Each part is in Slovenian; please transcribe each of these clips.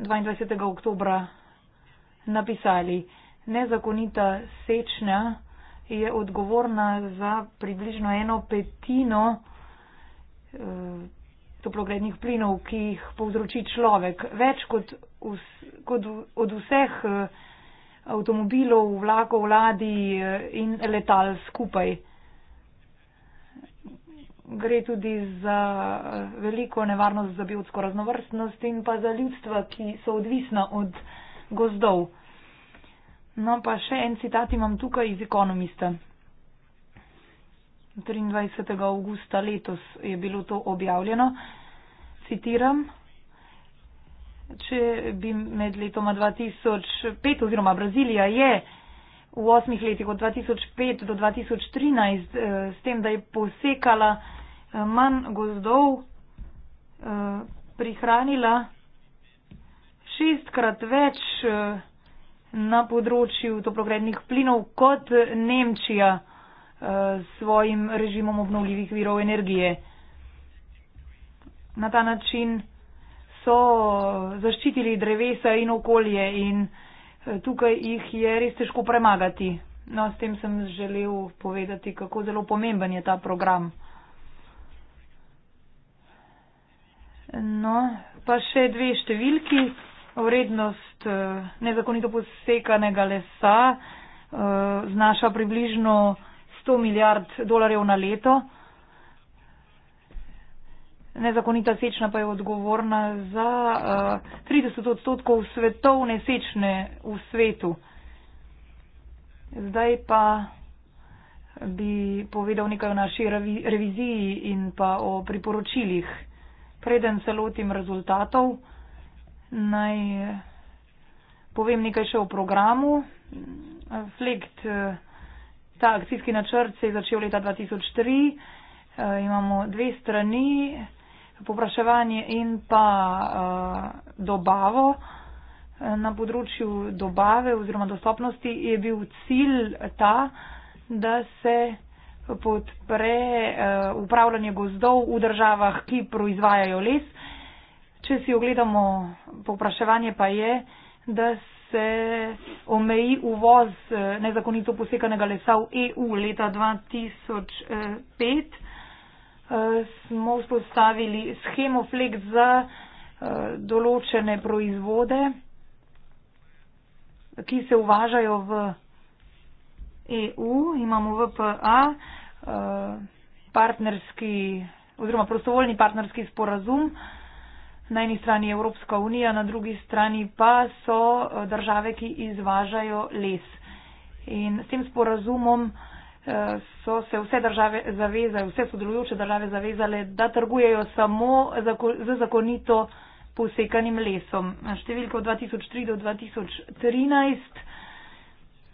22. oktobra napisali, nezakonita sečnja je odgovorna za približno eno petino eh, toplogrednih plinov, ki jih povzroči človek. Več kot, vse, kot od vseh eh, avtomobilov, vlakov, ladij eh, in letal skupaj gre tudi za eh, veliko nevarnost za biotsko raznovrstnost in pa za ljudstva, ki so odvisna od gozdov. No, pa še en citat imam tukaj iz ekonomista. 23. augusta letos je bilo to objavljeno. Citiram, če bi med letoma 2005 oziroma Brazilija je v osmih letih od 2005 do 2013 eh, s tem, da je posekala Eh, manj gozdov eh, prihranila šestkrat več eh, na področju toplogrednih plinov kot Nemčija s svojim režimom obnovljivih virov energije. Na ta način so zaščitili drevesa in okolje in tukaj jih je res težko premagati. No, s tem sem želel povedati, kako zelo pomemben je ta program. No, pa še dve številki. Vrednost eh, nezakonito posekanega lesa eh, znaša približno 100 milijard dolarjev na leto. Nezakonita sečna pa je odgovorna za 30 eh, odstotkov svetovne sečne v svetu. Zdaj pa bi povedal nekaj o naši reviziji in pa o priporočilih preden se lotim rezultatov, naj povem nekaj še o programu. Flekt, eh, ta akcijski načrt se je začel leta 2003. E, eh, imamo dve strani, popraševanje in pa e, dobavo. E, na področju dobave oziroma dostopnosti je bil cilj ta, da se podpre uh, upravljanje gozdov v državah, ki proizvajajo les. Če si ogledamo, popraševanje pa je, da se omeji uvoz eh, nezakonito posekanega lesa v EU leta 2005. Eh, smo vzpostavili schemo flek za določene proizvode, ki se uvažajo v EU, imamo VPA. Eh, partnerski oziroma prostovoljni partnerski sporazum. Na eni strani je Evropska unija, na drugi strani pa so eh, države, ki izvažajo les. In s tem sporazumom eh, so se vse države zavezale, vse sodelujoče države zavezale, da trgujejo samo z zakonito posekanim lesom. Številko 2003 do 2013,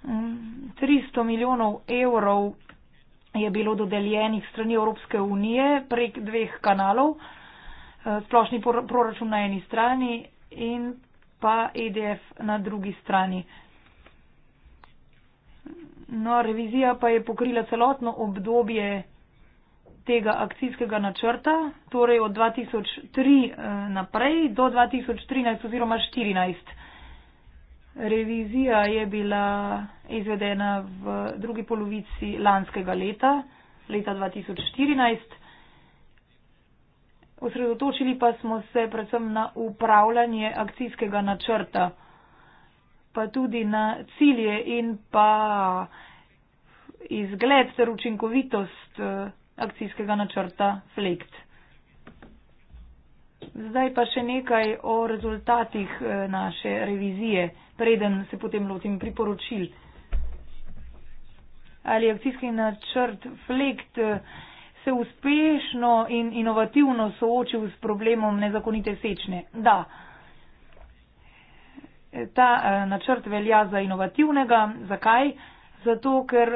300 mm, milijonov evrov je bilo dodeljenih strani Evropske unije prek dveh kanalov, eh, splošni proračun na eni strani in pa EDF na drugi strani. No, revizija pa je pokrila celotno obdobje tega akcijskega načrta, torej od 2003 eh, naprej do 2013 oziroma 2014. Revizija je bila izvedena v drugi polovici lanskega leta, leta 2014. Osredotočili pa smo se predvsem na upravljanje akcijskega načrta, pa tudi na cilje in pa izgled ter učinkovitost eh, akcijskega načrta FLEKT. Zdaj pa še nekaj o rezultatih eh, naše revizije, preden se potem lotim priporočil. Ali akcijski načrt Flekt eh, se uspešno in inovativno soočil s problemom nezakonite sečne? Da. Eh, ta načrt velja za inovativnega. Zakaj? Zato, ker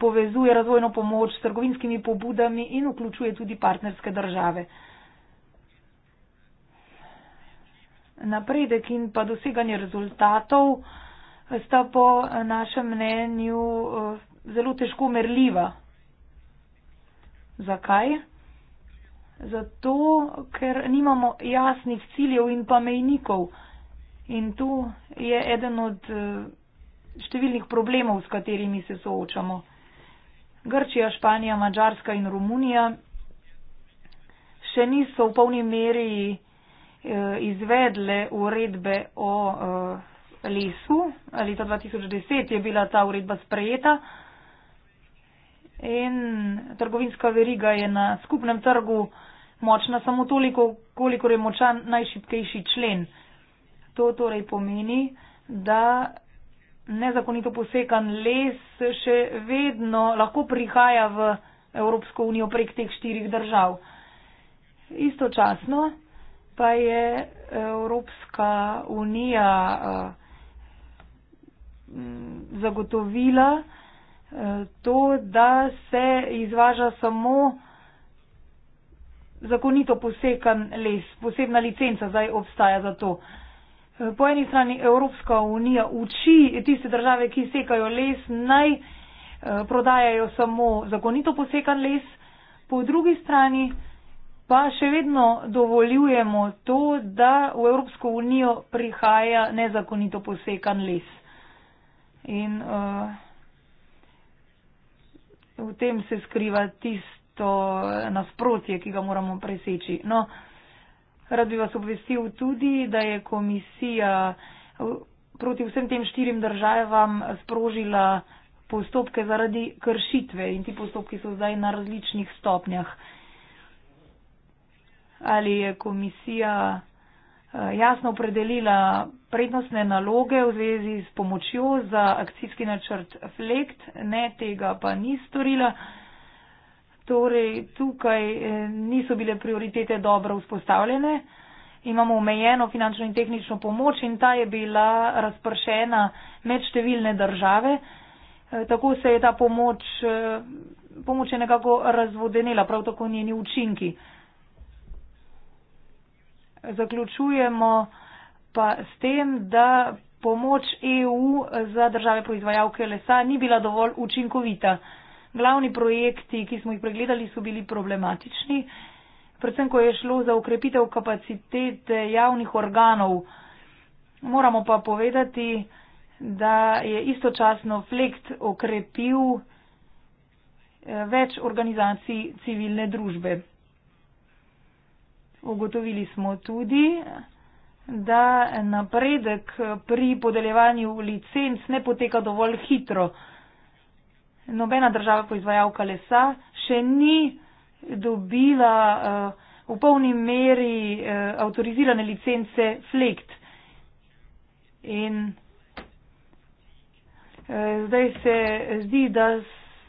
povezuje razvojno pomoč s trgovinskimi pobudami in vključuje tudi partnerske države. napredek in pa doseganje rezultatov sta po našem mnenju eh, zelo težko merljiva. Zakaj? Zato, ker nimamo jasnih ciljev in pa mejnikov. In to je eden od eh, številnih problemov, s katerimi se soočamo. Grčija, Španija, Mačarska in Romunija še niso v polni meri. Eh, izvedle uredbe o eh, lesu. Leta 2010 je bila ta uredba sprejeta in trgovinska veriga je na skupnem trgu močna samo toliko, kolikor je močan najšipkejši člen. To torej pomeni, da nezakonito posekan les še vedno lahko prihaja v Evropsko unijo prek teh štirih držav. Istočasno pa je eh, Evropska unija eh, zagotovila eh, to, da se izvaža samo zakonito posekan les, posebna licenca zdaj obstaja za to. Po eni strani Evropska unija uči tiste države, ki sekajo les, naj prodajajo samo zakonito posekan les, po drugi strani pa še vedno dovoljujemo to, da v Evropsko unijo prihaja nezakonito posekan les. In uh, v tem se skriva tisto nasprotje, ki ga moramo preseči. No, rad bi vas obvestil tudi, da je komisija eh, proti vsem tem štirim državam sprožila postopke zaradi kršitve in ti postopki so zdaj na različnih stopnjah ali je komisija eh, jasno opredelila prednostne naloge v zvezi s pomočjo za akcijski načrt FLEKT, ne tega pa ni storila. Torej, tukaj eh, niso bile prioritete dobro vzpostavljene. Imamo omejeno finančno in tehnično pomoč in ta je bila razpršena med številne države. Eh, tako se je ta pomoč, pomoč je nekako razvodenila, prav tako njeni učinki zaključujemo pa s tem, da pomoč EU za države proizvajalke lesa ni bila dovolj učinkovita. Glavni projekti, ki smo jih pregledali, so bili problematični, predvsem ko je šlo za ukrepitev kapacitete javnih organov. Moramo pa povedati, da je istočasno Flekt okrepil eh, več organizacij civilne družbe. Ugotovili smo tudi, da napredek pri podeljevanju licenc ne poteka dovolj hitro. Nobena država poizvajalka lesa še ni dobila eh, v polni meri eh, avtorizirane licence FLEKT. In eh, zdaj se zdi, da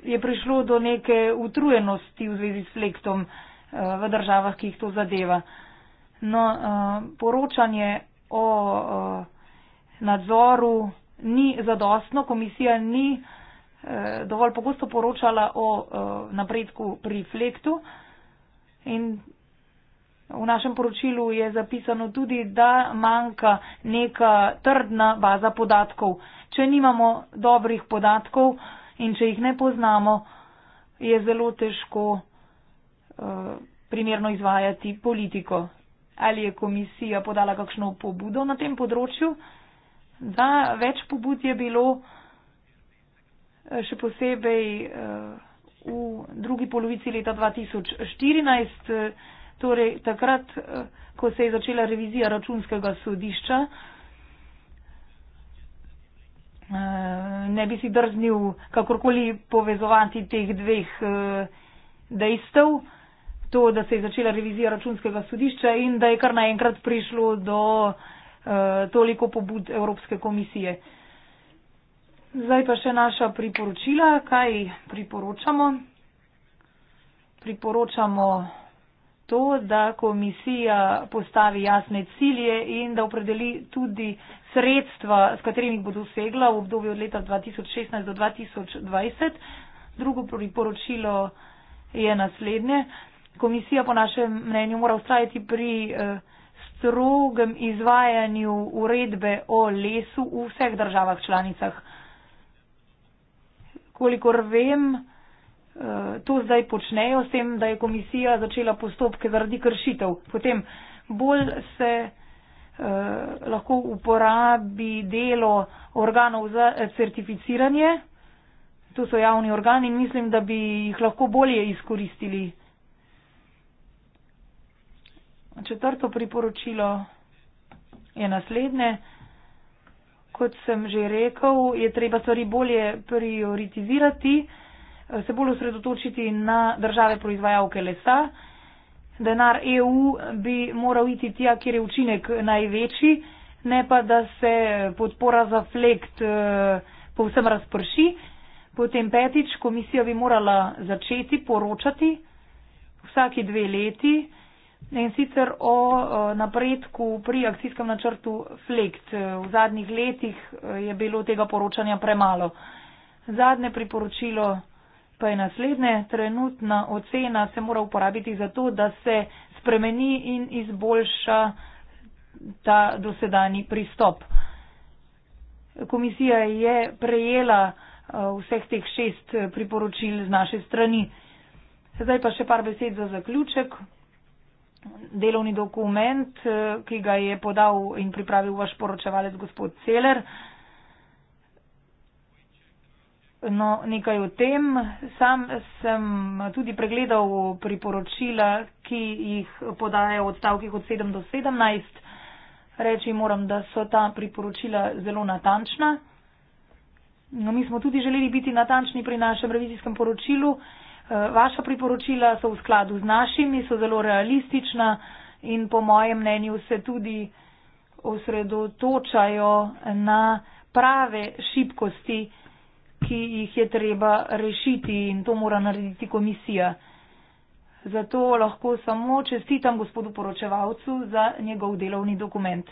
je prišlo do neke utrujenosti v zvezi s FLEKTom v državah, ki jih to zadeva. No, eh, poročanje o eh, nadzoru ni zadostno, komisija ni eh, dovolj pogosto poročala o napredku pri flektu in v našem poročilu je zapisano tudi, da manjka neka trdna baza podatkov. Če nimamo dobrih podatkov in če jih ne poznamo, je zelo težko primerno izvajati politiko. Ali je komisija podala kakšno pobudo na tem področju? Da, več pobud je bilo eh, še posebej eh, v drugi polovici leta 2014, eh, torej takrat, ko se je začela revizija računskega sodišča. Ne bi si drznil kakorkoli povezovati teh dveh dejstev to, da se je začela revizija računskega sodišča in da je kar naenkrat prišlo do eh, toliko pobud Evropske komisije. Zdaj pa še naša priporočila, kaj priporočamo. Priporočamo to, da komisija postavi jasne cilje in da opredeli tudi sredstva, s katerimi bo dosegla v obdobju od leta 2016 do 2020. Drugo priporočilo je naslednje komisija po našem mnenju mora ustrajati pri eh, strogem izvajanju uredbe o lesu v vseh državah članicah. Kolikor vem, eh, to zdaj počnejo s tem, da je komisija začela postopke zaradi kršitev. Potem bolj se eh, lahko uporabi delo organov za certificiranje. To so javni organi in mislim, da bi jih lahko bolje izkoristili. Četrto priporočilo je naslednje. Kot sem že rekel, je treba stvari bolje prioritizirati, se bolj osredotočiti na države proizvajalke lesa. Denar EU bi moral iti tja, kjer je učinek največji, ne pa da se podpora za flekt eh, povsem razprši. Potem petič, komisija bi morala začeti poročati vsaki dve leti. In sicer o napredku pri akcijskem načrtu FLEKT. V zadnjih letih e, je bilo tega poročanja premalo. Zadnje priporočilo pa je naslednje. Trenutna ocena se mora uporabiti za to, da se spremeni in izboljša ta dosedani pristop. Komisija je prejela e, vseh teh šest priporočil z naše strani. Zdaj pa še par besed za zaključek delovni dokument, eh, ki ga je podal in pripravil vaš poročevalec gospod Celer. No, nekaj o tem. Sam sem tudi pregledal priporočila, ki jih podajajo odstavki od 7 do 17. Reči moram, da so ta priporočila zelo natančna. No, mi smo tudi želeli biti natančni pri našem revizijskem poročilu. Eh, vaša priporočila so v skladu z našimi, so zelo realistična in po mojem mnenju se tudi osredotočajo na prave šibkosti, ki jih je treba rešiti in to mora narediti komisija. Zato lahko samo čestitam gospodu poročevalcu za njegov delovni dokument.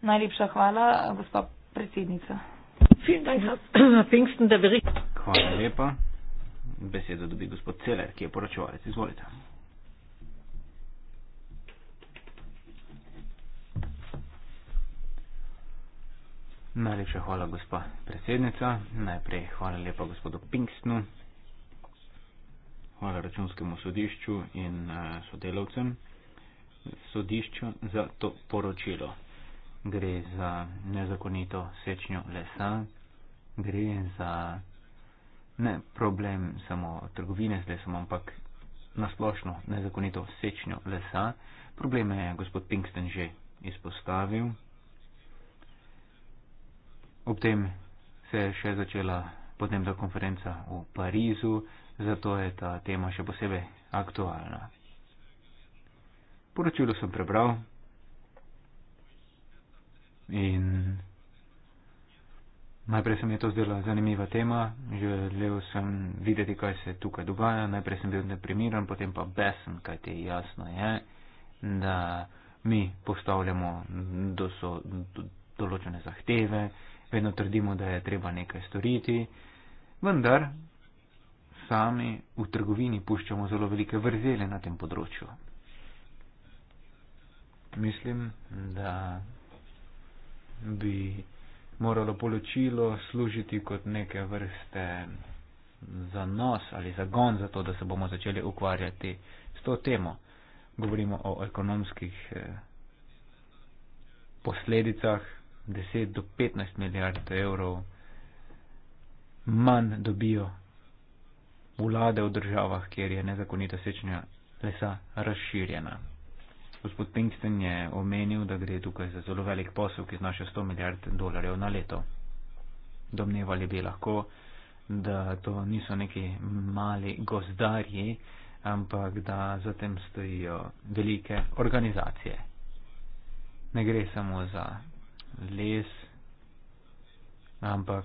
Najlepša hvala, gospa predsednica. Hvala lepa besedo dobi gospod Celer, ki je poročevalec. Izvolite. Najlepša hvala, gospa predsednica. Najprej hvala lepa gospodu Pinkstnu. Hvala računskemu sodišču in eh, sodelavcem sodišča za to poročilo. Gre za nezakonito sečnjo lesa, gre za ne problem samo trgovine z lesom, ampak nasplošno nezakonito sečnjo lesa. Probleme je gospod Pinkston že izpostavil. Ob tem se je še začela podnebna konferenca v Parizu, zato je ta tema še posebej aktualna. Poročilo sem prebral in Najprej sem je to zdela zanimiva tema, želel sem videti, kaj se tukaj dogaja, najprej sem bil deprimiran, potem pa besen, kaj ti jasno je, da mi postavljamo doso, do, določene zahteve, vedno trdimo, da je treba nekaj storiti, vendar sami v trgovini puščamo zelo velike vrzele na tem področju. Mislim, da bi moralo poločilo služiti kot neke vrste zanos ali zagon za to, da se bomo začeli ukvarjati s to temo. Govorimo o ekonomskih eh, posledicah 10 do 15 milijard evrov manj dobijo vlade v državah, kjer je nezakonita sečnja lesa razširjena. Gospod Pinkston je omenil, da gre tukaj za zelo velik posel, ki znaša 100 milijard dolarjev na leto. Domnevali bi lahko, da to niso neki mali gozdarji, ampak da zatem stojijo velike organizacije. Ne gre samo za les, ampak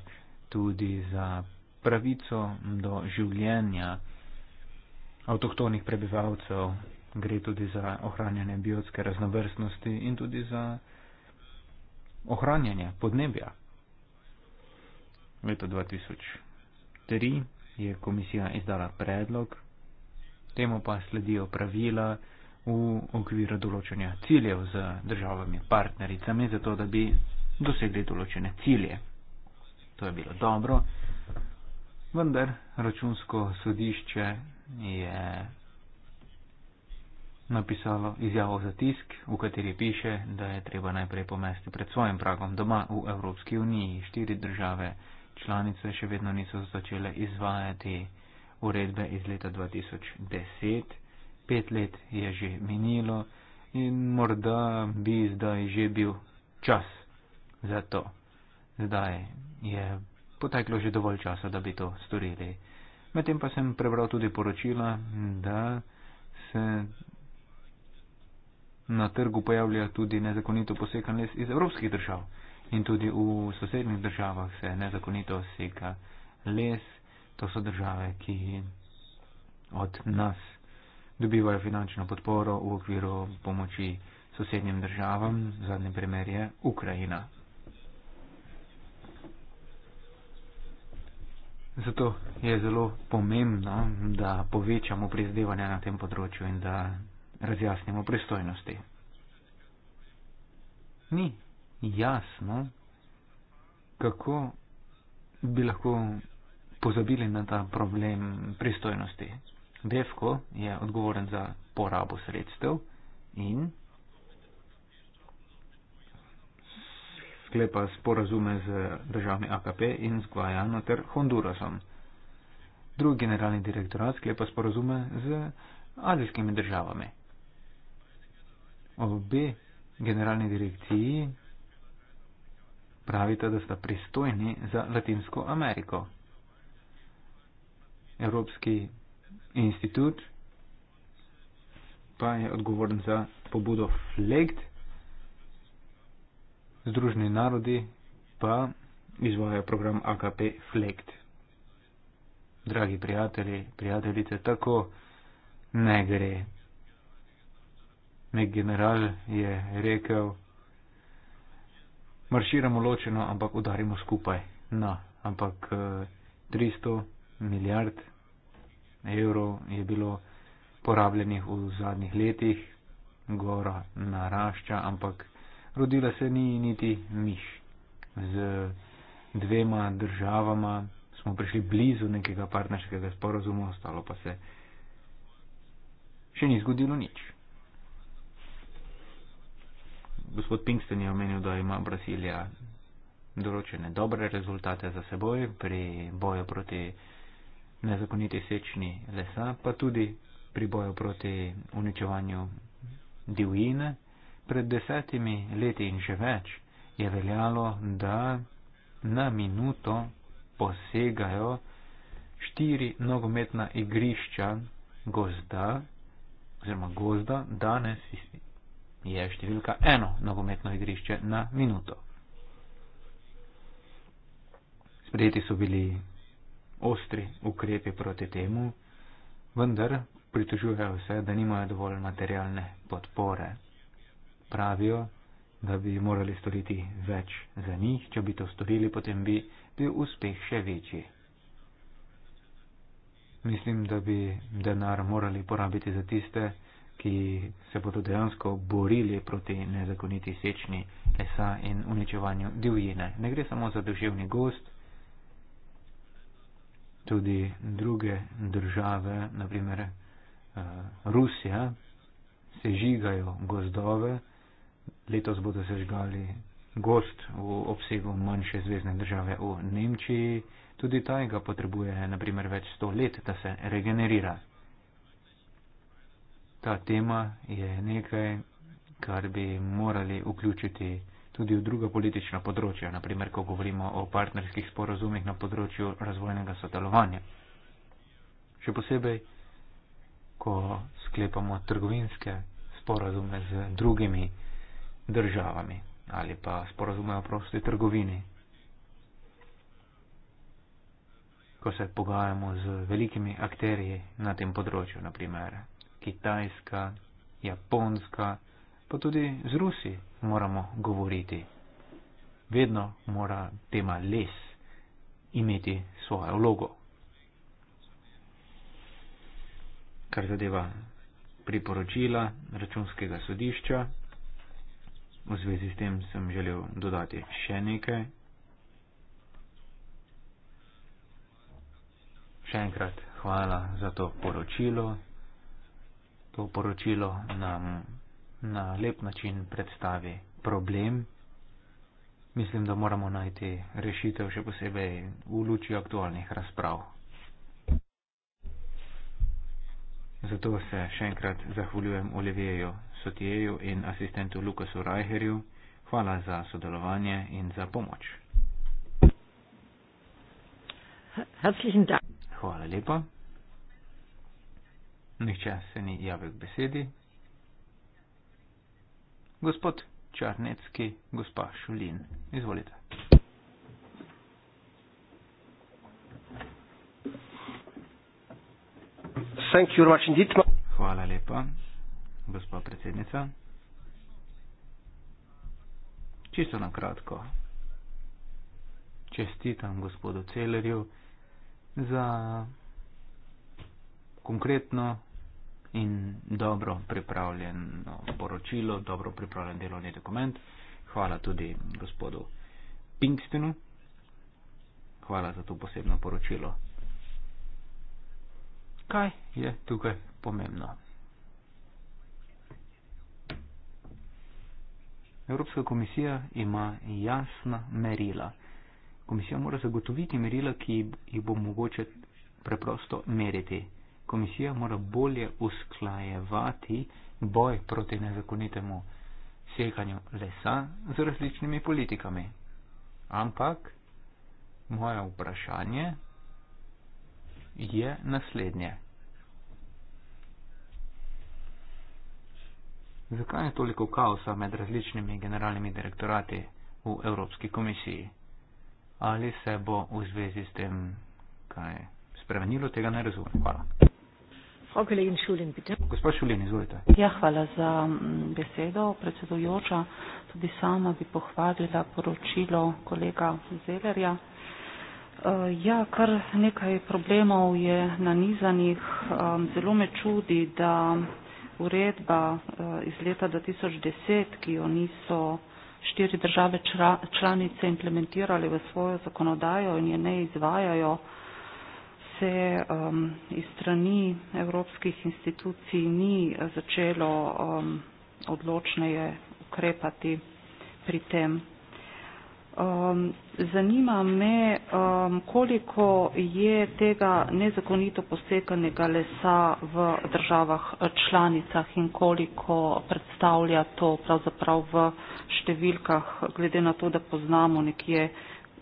tudi za pravico do življenja avtohtonih prebivalcev gre tudi za ohranjanje biotske raznovrstnosti in tudi za ohranjanje podnebja. Leto 2003 je komisija izdala predlog, temu pa sledijo pravila v okviru določenja ciljev z državami partnericami, zato da bi dosegli določene cilje. To je bilo dobro, vendar računsko sodišče je napisalo izjavo za tisk, v kateri piše, da je treba najprej pomesti pred svojim pragom doma v Evropski uniji. Štiri države članice še vedno niso začele izvajati uredbe iz leta 2010, pet let je že minilo in morda bi zdaj že bil čas za to. Zdaj je poteklo že dovolj časa, da bi to storili. Medtem pa sem prebral tudi poročila, da se na trgu pojavlja tudi nezakonito posekan les iz evropskih držav in tudi v sosednjih državah se nezakonito seka les. To so države, ki od nas dobivajo finančno podporo v okviru pomoči sosednjim državam. Zadnji primer je Ukrajina. Zato je zelo pomembno, da povečamo prizadevanja na tem področju in da razjasnimo pristojnosti. Ni jasno, kako bi lahko pozabili na ta problem pristojnosti. Defko je odgovoren za porabo sredstev in sklepa sporazume z državami AKP in z Guajano ter Hondurasom. Drugi generalni direktorat sklepa sporazume z azijskimi državami obe generalni direkciji pravita, da sta pristojni za Latinsko Ameriko. Evropski institut pa je odgovoren za pobudo FLEGT, Združeni narodi pa izvajajo program AKP FLEGT. Dragi prijatelji, prijateljice, tako ne gre. Nek general je rekel, marširamo ločeno, ampak udarimo skupaj. No, ampak 300 eh, milijard evrov je bilo porabljenih v zadnjih letih, gora narašča, ampak rodila se ni niti miš. Z dvema državama smo prišli blizu nekega partnerskega sporozuma, ostalo pa se še ni zgodilo nič gospod Pinkston je omenil, da ima Brazilija določene dobre rezultate za seboj pri boju proti nezakoniti sečni lesa, pa tudi pri boju proti uničevanju divjine. Pred desetimi leti in še več je veljalo, da na minuto posegajo štiri nogometna igrišča gozda, oziroma gozda, danes je številka eno nogometno igrišče na minuto. Sprejeti so bili ostri ukrepi proti temu, vendar pritožujejo se, da nimajo dovolj materialne podpore. Pravijo, da bi morali storiti več za njih, če bi to storili, potem bi bil uspeh še večji. Mislim, da bi denar morali porabiti za tiste, ki ki se bodo dejansko borili proti nezakoniti sečni lesa in uničevanju divjine. Ne gre samo za državni gost, tudi druge države, naprimer eh, Rusija, se žigajo gozdove, letos bodo se žgali gost v obsegu manjše zvezdne države v Nemčiji, tudi ta ga potrebuje naprimer več sto let, da se regenerira ta tema je nekaj, kar bi morali vključiti tudi v druga politična področja, naprimer, ko govorimo o partnerskih sporozumih na področju razvojnega sodelovanja. Še posebej, ko sklepamo trgovinske sporozume z drugimi državami ali pa sporozume o prosti trgovini. Ko se pogajamo z velikimi akterji na tem področju, naprimer Kitajska, Japonska, pa tudi z Rusi moramo govoriti. Vedno mora tema les imeti svojo vlogo. Kar zadeva priporočila računskega sodišča, v zvezi s tem sem želel dodati še nekaj. Še enkrat hvala za to poročilo to poročilo nam na lep način predstavi problem. Mislim, da moramo najti rešitev še posebej v luči aktualnih razprav. Zato se še enkrat zahvaljujem Olivieju Sotijeju in asistentu Lukasu Rajherju. Hvala za sodelovanje in za pomoč. Hvala lepa. Nihče se ni javil k besedi. Gospod Črnecki, gospa Šulin, izvolite. Hvala lepa, gospa predsednica. Čisto na kratko. Čestitam gospodu Celerju za konkretno in dobro pripravljeno poročilo, dobro pripravljen delovni dokument. Hvala tudi gospodu Pinkstinu. Hvala za to posebno poročilo. Kaj je tukaj pomembno? Evropska komisija ima jasna merila. Komisija mora zagotoviti merila, ki jih bo mogoče preprosto meriti. Komisija mora bolje usklajevati boj proti nezakonitemu seganju lesa z različnimi politikami. Ampak moje vprašanje je naslednje. Zakaj je toliko kaosa med različnimi generalnimi direktorati v Evropski komisiji? Ali se bo v zvezi s tem kaj spremenilo, tega ne razumem. Hvala. Frau Kollegin Schulin, bitte. Gospod Schulin, izvolite. Ja, hvala za mm, besedo, predsedujoča. Tudi sama bi pohvalila poročilo kolega Zelerja. Eh, ja, kar nekaj problemov je nanizanih. Ehm, zelo me čudi, da uredba eh, iz leta 2010, ki jo niso štiri države članice implementirale v svojo zakonodajo in je ne izvajajo, se um, iz strani evropskih institucij ni začelo um, odločneje ukrepati pri tem. Um, zanima me, um, koliko je tega nezakonito posekanega lesa v državah eh, članicah in koliko predstavlja to pravzaprav v številkah, glede na to, da poznamo nekje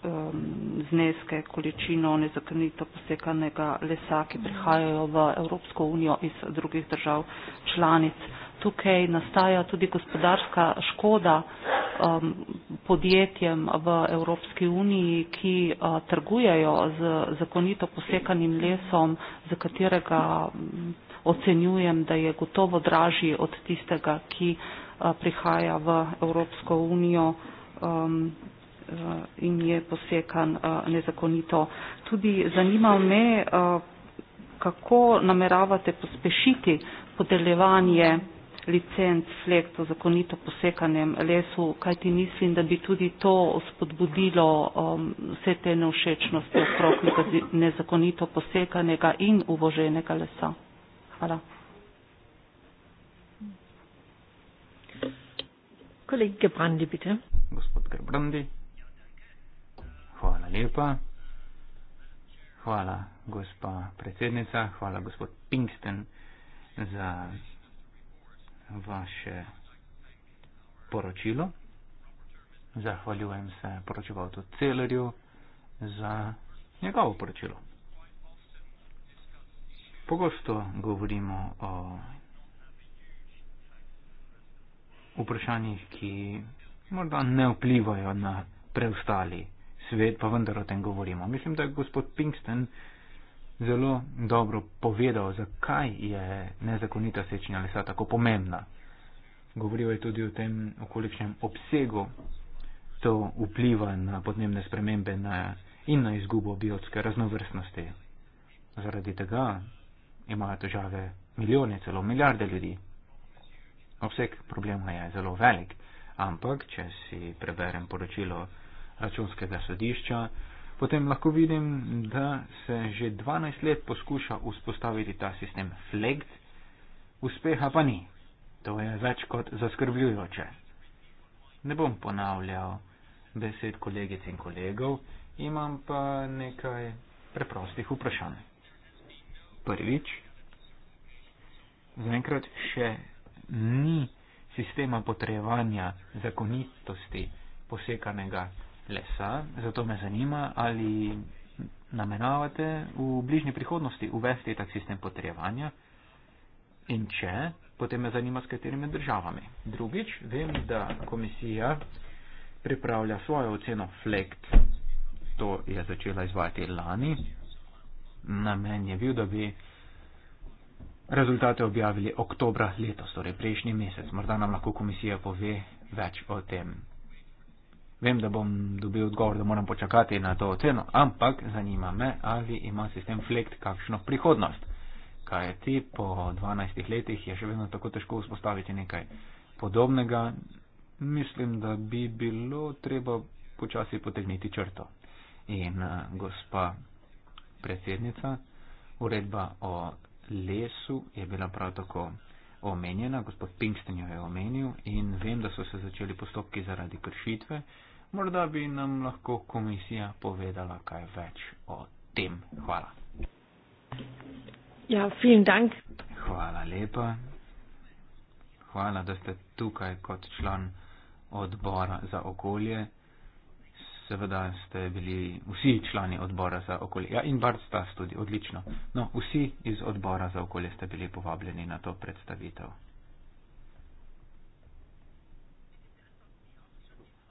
um, zneske, količino nezakonito posekanega lesa, ki mhm. prihajajo v Evropsko unijo iz drugih držav članic. Tukaj nastaja tudi gospodarska škoda um, podjetjem v Evropski uniji, ki uh, trgujejo z zakonito posekanim lesom, za katerega um, ocenjujem, da je gotovo dražji od tistega, ki uh, prihaja v Evropsko unijo. Um, uh, in je posekan uh, nezakonito. Tudi zanima me, uh, kako nameravate pospešiti podeljevanje licenc slekt o zakonito posekanem lesu, kajti mislim, da bi tudi to spodbudilo um, vse te neušečnosti okrog nezakonito posekanega in uvoženega lesa. Hvala. Kolega Gebrandi, bitte. Gospod Gebrandi. Hvala lepa. Hvala, gospa predsednica. Hvala, gospod Pinkston, za vaše poročilo. Zahvaljujem se poročevalcu Celerju za njegovo poročilo. Pogosto govorimo o vprašanjih, ki morda ne vplivajo na preostali svet, pa vendar o tem govorimo. Mislim, da je gospod Pinkston zelo dobro povedal, zakaj je nezakonita sečnja lesa tako pomembna. Govoril je tudi o tem, v kolikšnem obsegu to vpliva na podnebne spremembe na, in na izgubo biotske raznovrstnosti. Zaradi tega imajo težave milijone, celo milijarde ljudi. Obseg problema je zelo velik, ampak če si preberem poročilo, računskega sodišča, potem lahko vidim, da se že 12 let poskuša vzpostaviti ta sistem FLEGT, uspeha pa ni. To je več kot zaskrbljujoče. Ne bom ponavljal besed kolegic in kolegov, imam pa nekaj preprostih vprašanj. Prvič, zaenkrat še ni sistema potrevanja zakonitosti posekanega lesa, zato me zanima, ali nameravate v bližnji prihodnosti uvesti tak sistem potrejevanja in če, potem me zanima, s katerimi državami. Drugič, vem, da komisija pripravlja svojo oceno FLEKT, to je začela izvajati lani, namen je bil, da bi rezultate objavili oktobra letos, torej prejšnji mesec. Morda nam lahko komisija pove več o tem vem, da bom dobil odgovor, da moram počakati na to oceno, ampak zanima me, ali ima sistem Flekt kakšno prihodnost. Kaj je ti, po 12 letih je še vedno tako težko vzpostaviti nekaj podobnega. Mislim, da bi bilo treba počasi potegniti črto. In eh, gospa predsednica, uredba o lesu je bila prav tako omenjena, gospod Pinkston jo je omenil in vem, da so se začeli postopki zaradi kršitve. Morda bi nam lahko komisija povedala kaj več o tem. Hvala. Ja, film dank. Hvala lepa. Hvala, da ste tukaj kot član odbora za okolje. Seveda ste bili vsi člani odbora za okolje. Ja, in Bart sta tudi odlično. No, vsi iz odbora za okolje ste bili povabljeni na to predstavitev.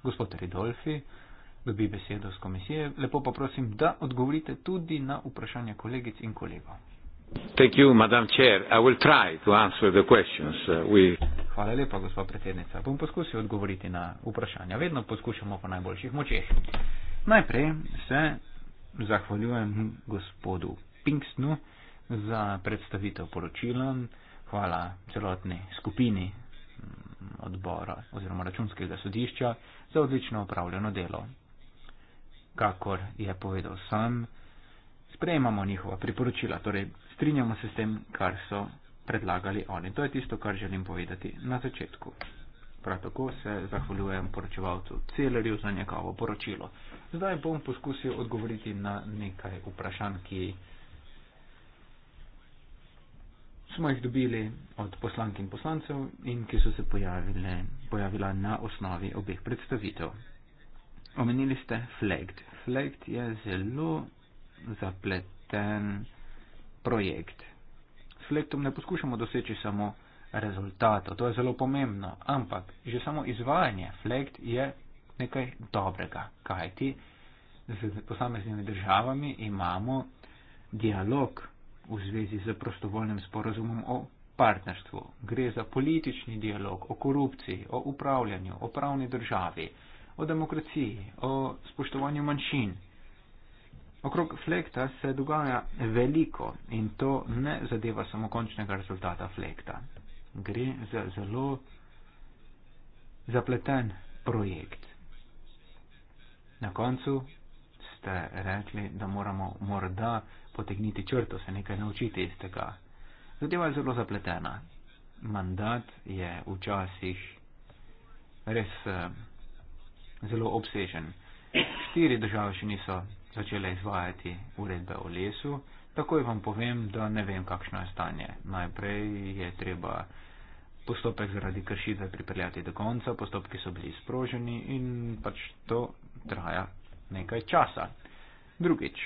gospod Ridolfi dobi besedo z komisije. Lepo pa prosim, da odgovorite tudi na vprašanje kolegic in kolegov. Uh, Hvala lepa, gospod predsednica. Bom poskusil odgovoriti na vprašanja. Vedno poskušamo po najboljših močeh. Najprej se zahvaljujem gospodu Pinksnu za predstavitev poročila. Hvala celotni skupini odbora oziroma računskega sodišča za odlično upravljeno delo. Kakor je povedal sam, sprejemamo njihova priporočila, torej strinjamo se s tem, kar so predlagali oni. To je tisto, kar želim povedati na začetku. Prav tako se zahvaljujem poročevalcu Celerju za njegovo poročilo. Zdaj bom poskusil odgovoriti na nekaj vprašanj, ki smo jih dobili od poslank in poslancev in ki so se pojavile, pojavila na osnovi obeh predstavitev. Omenili ste FLEGT. FLEGT je zelo zapleten projekt. S FLEGTom ne poskušamo doseči samo rezultata, to je zelo pomembno, ampak že samo izvajanje FLEGT je nekaj dobrega, kajti z posameznimi državami imamo dialog v zvezi z prostovoljnim sporozumom o partnerstvu. Gre za politični dialog o korupciji, o upravljanju, o pravni državi, o demokraciji, o spoštovanju manjšin. Okrog flekta se dogaja veliko in to ne zadeva samo končnega rezultata flekta. Gre za zelo zapleten projekt. Na koncu ste rekli, da moramo morda potegniti črto, se nekaj naučiti iz tega. Zadeva je zelo zapletena. Mandat je včasih res eh, zelo obsežen. Štiri države še niso začele izvajati uredbe o lesu. Takoj vam povem, da ne vem, kakšno je stanje. Najprej je treba postopek zaradi kršitve pripeljati do konca, postopki so bili sproženi in pač to traja nekaj časa. Drugič,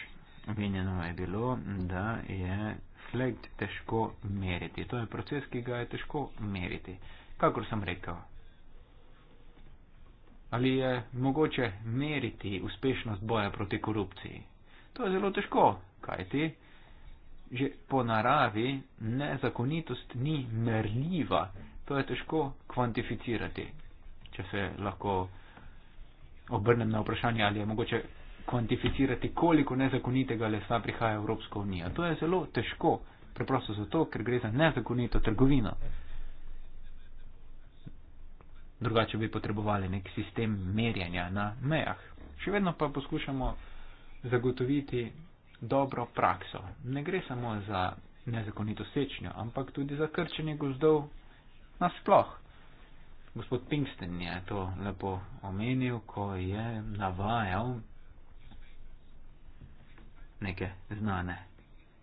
omenjeno je bilo, da je flegt težko meriti. To je proces, ki ga je težko meriti. Kakor sem rekel, ali je mogoče meriti uspešnost boja proti korupciji? To je zelo težko, kajti že po naravi nezakonitost ni merljiva. To je težko kvantificirati, če se lahko obrnem na vprašanje, ali je mogoče kvantificirati, koliko nezakonitega lesa prihaja v Evropsko unijo. To je zelo težko, preprosto zato, ker gre za nezakonito trgovino. Drugače bi potrebovali nek sistem merjanja na mejah. Še vedno pa poskušamo zagotoviti dobro prakso. Ne gre samo za nezakonito sečnjo, ampak tudi za krčenje gozdov nasploh. Gospod Pinkston je to lepo omenil, ko je navajal neke znane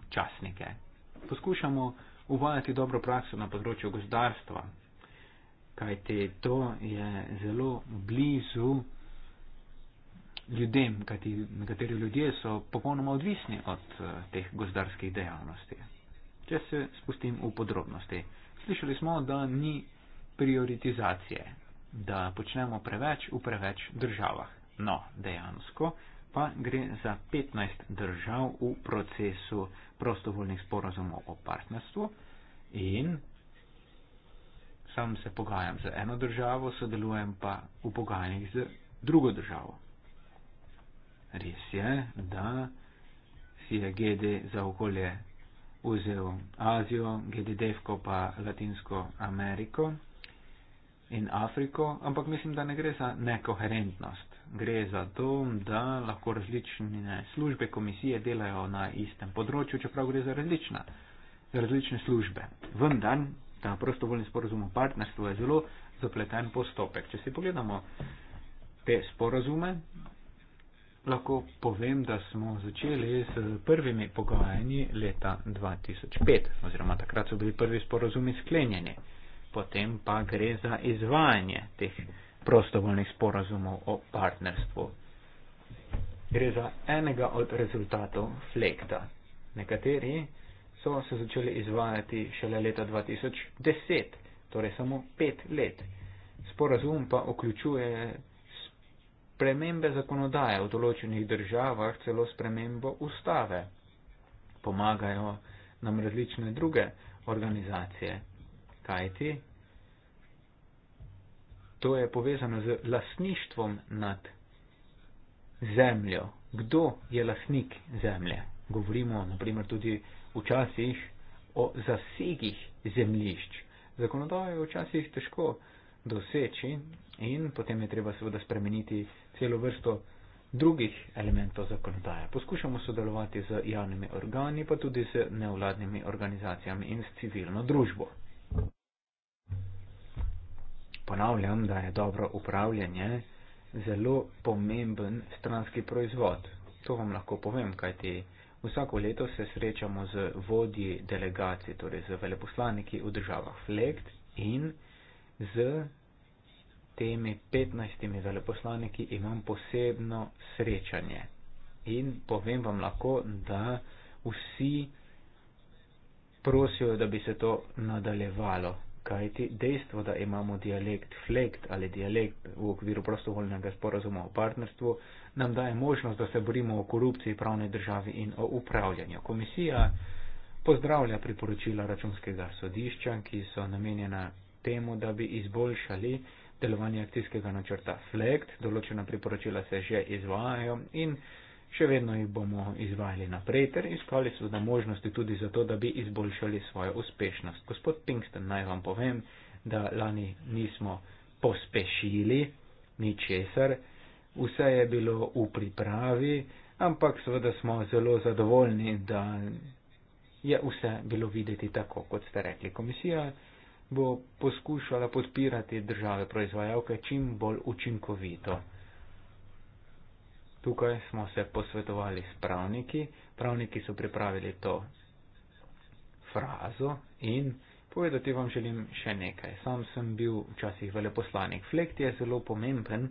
časnike. Poskušamo uvajati dobro prakso na področju gozdarstva, kajti to je zelo blizu ljudem, kajti nekateri ljudje so popolnoma odvisni od eh, teh gozdarskih dejavnosti. Če se spustim v podrobnosti. Slišali smo, da ni prioritizacije, da počnemo preveč v preveč državah. No, dejansko pa gre za 15 držav v procesu prostovoljnih sporazumov o partnerstvu in sam se pogajam z eno državo, sodelujem pa v pogajanjih z drugo državo. Res je, da si je GD za okolje vzel Azijo, GD Devko pa Latinsko Ameriko in Afriko, ampak mislim, da ne gre za nekoherentnost. Gre za to, da lahko različne službe komisije delajo na istem področju, čeprav gre za, različna, za različne službe. Vendar ta prostovoljni sporozum o partnerstvu je zelo zapleten postopek. Če si pogledamo te sporozume, lahko povem, da smo začeli s prvimi pogajanji leta 2005, oziroma takrat so bili prvi sporozumi sklenjeni potem pa gre za izvajanje teh prostovoljnih sporazumov o partnerstvu. Gre za enega od rezultatov flekta. Nekateri so se začeli izvajati šele leta 2010, torej samo pet let. Sporazum pa vključuje spremembe zakonodaje v določenih državah, celo spremembo ustave. Pomagajo nam različne druge organizacije kajti to je povezano z lasništvom nad zemljo. Kdo je lasnik zemlje? Govorimo naprimer tudi včasih o zasegih zemljišč. Zakonodajo je včasih težko doseči in potem je treba seveda spremeniti celo vrsto drugih elementov zakonodaje. Poskušamo sodelovati z javnimi organi, pa tudi z nevladnimi organizacijami in s civilno družbo ponavljam, da je dobro upravljanje zelo pomemben stranski proizvod. To vam lahko povem, kajti vsako leto se srečamo z vodji delegacij, torej z veleposlaniki v državah FLEGT in z temi 15 veleposlaniki imam posebno srečanje. In povem vam lahko, da vsi prosijo, da bi se to nadaljevalo, Kajti dejstvo, da imamo dialekt, flekt ali dialekt v okviru prostovoljnega sporazuma o partnerstvu, nam daje možnost, da se borimo o korupciji pravne države in o upravljanju. Komisija pozdravlja priporočila računskega sodišča, ki so namenjena temu, da bi izboljšali delovanje akcijskega načrta flekt, določena priporočila se že izvajajo in še vedno jih bomo izvajali naprej ter iskali seveda možnosti tudi za to, da bi izboljšali svojo uspešnost. Gospod Pinkston, naj vam povem, da lani nismo pospešili ničesar, vse je bilo v pripravi, ampak seveda smo zelo zadovoljni, da je vse bilo videti tako, kot ste rekli. Komisija bo poskušala podpirati države proizvajalke čim bolj učinkovito. Tukaj smo se posvetovali s pravniki, pravniki so pripravili to frazo in povedati vam želim še nekaj. Sam sem bil včasih veleposlanik. Flekt je zelo pomemben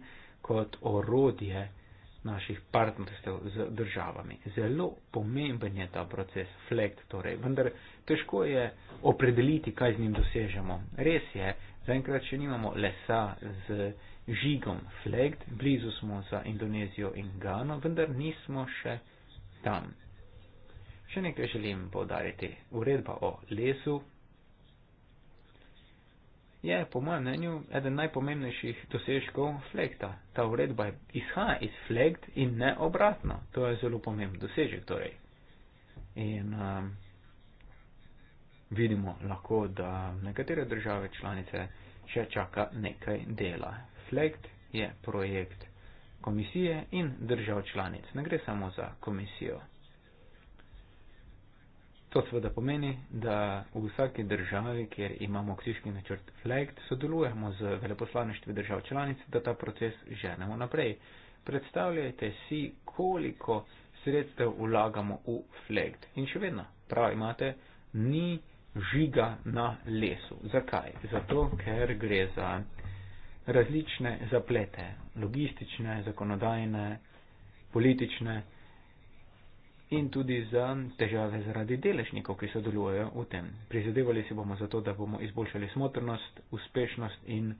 kot orodje naših partnerstev z državami. Zelo pomemben je ta proces flekt, torej, vendar težko je opredeliti, kaj z njim dosežemo. Res je, zaenkrat še nimamo lesa z žigom Flegt, blizu smo za Indonezijo in Gano, vendar nismo še tam. Še nekaj želim povdariti. Uredba o lesu je, po mojem mnenju, eden najpomembnejših dosežkov Flegta. Ta uredba izhaja iz Flegt in ne obratno. To je zelo pomemben dosežek. Torej. In um, vidimo lahko, da nekatere države članice še čaka nekaj dela reflekt je projekt komisije in držav članic. Ne gre samo za komisijo. To seveda pomeni, da v vsaki državi, kjer imamo ksiški načrt FLEGT, sodelujemo z veleposlaništvi držav članic, da ta proces ženemo naprej. Predstavljajte si, koliko sredstev vlagamo v FLEGT. In še vedno, prav imate, ni žiga na lesu. Zakaj? Zato, ker gre za različne zaplete, logistične, zakonodajne, politične in tudi za težave zaradi deležnikov, ki sodelujejo v tem. Prizadevali se bomo za to, da bomo izboljšali smotrnost, uspešnost in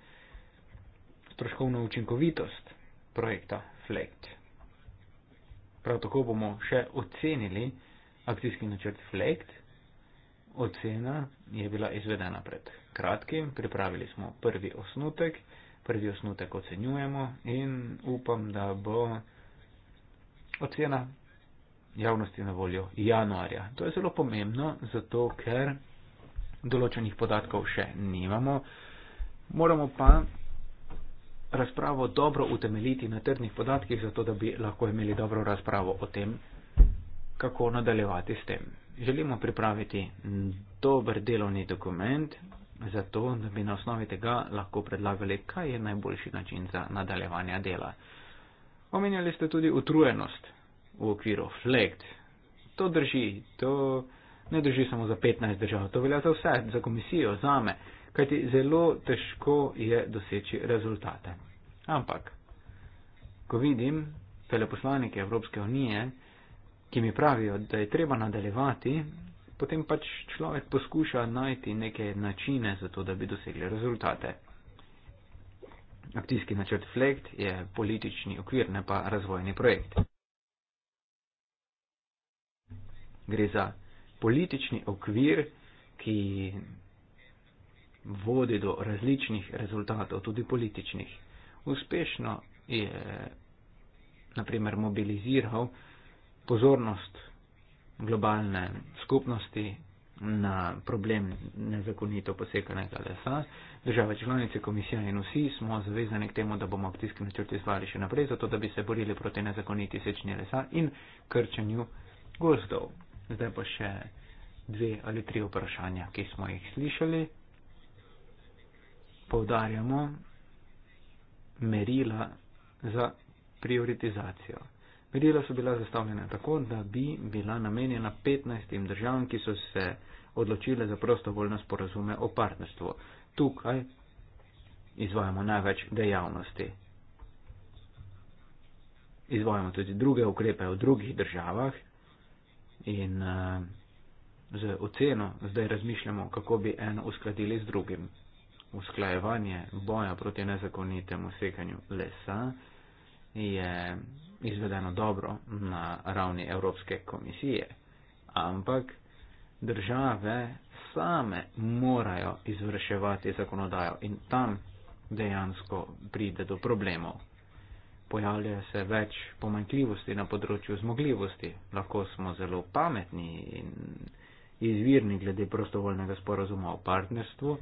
stroškovno učinkovitost projekta FLEKT. Prav tako bomo še ocenili akcijski načrt FLEKT. Ocena je bila izvedena pred kratkim, pripravili smo prvi osnutek prvi osnutek ocenjujemo in upam, da bo ocena javnosti na voljo januarja. To je zelo pomembno, zato ker določenih podatkov še nimamo. Moramo pa razpravo dobro utemeliti na trdnih podatkih, zato da bi lahko imeli dobro razpravo o tem, kako nadaljevati s tem. Želimo pripraviti dober delovni dokument, zato, da bi na osnovi tega lahko predlagali, kaj je najboljši način za nadaljevanje dela. Omenjali ste tudi utrujenost v okviru FLEGT. To drži, to ne drži samo za 15 držav, to velja za vse, za komisijo, za me, kajti zelo težko je doseči rezultate. Ampak, ko vidim teleposlanike Evropske unije, ki mi pravijo, da je treba nadaljevati, potem pač človek poskuša najti neke načine za to, da bi dosegli rezultate. Akcijski načrt FLEGT je politični okvir, ne pa razvojni projekt. Gre za politični okvir, ki vodi do različnih rezultatov, tudi političnih. Uspešno je, naprimer, mobiliziral pozornost globalne skupnosti na problem nezakonito posekanega lesa. Države članice, komisija in vsi smo zavezani k temu, da bomo akcijski načrt izvali še naprej, zato da bi se borili proti nezakoniti sečnji lesa in krčanju gozdov. Zdaj pa še dve ali tri vprašanja, ki smo jih slišali. Povdarjamo merila za prioritizacijo. Merila so bila zastavljena tako, da bi bila namenjena 15 državam, ki so se odločile za prostovoljno sporazume o partnerstvu. Tukaj izvajamo največ dejavnosti. Izvajamo tudi druge ukrepe v drugih državah in uh, z oceno zdaj razmišljamo, kako bi eno uskladili z drugim. Usklajevanje boja proti nezakonitemu sekanju lesa je izvedeno dobro na ravni Evropske komisije, ampak države same morajo izvrševati zakonodajo in tam dejansko pride do problemov. Pojavlja se več pomankljivosti na področju zmogljivosti. Lahko smo zelo pametni in izvirni glede prostovoljnega sporazuma o partnerstvu,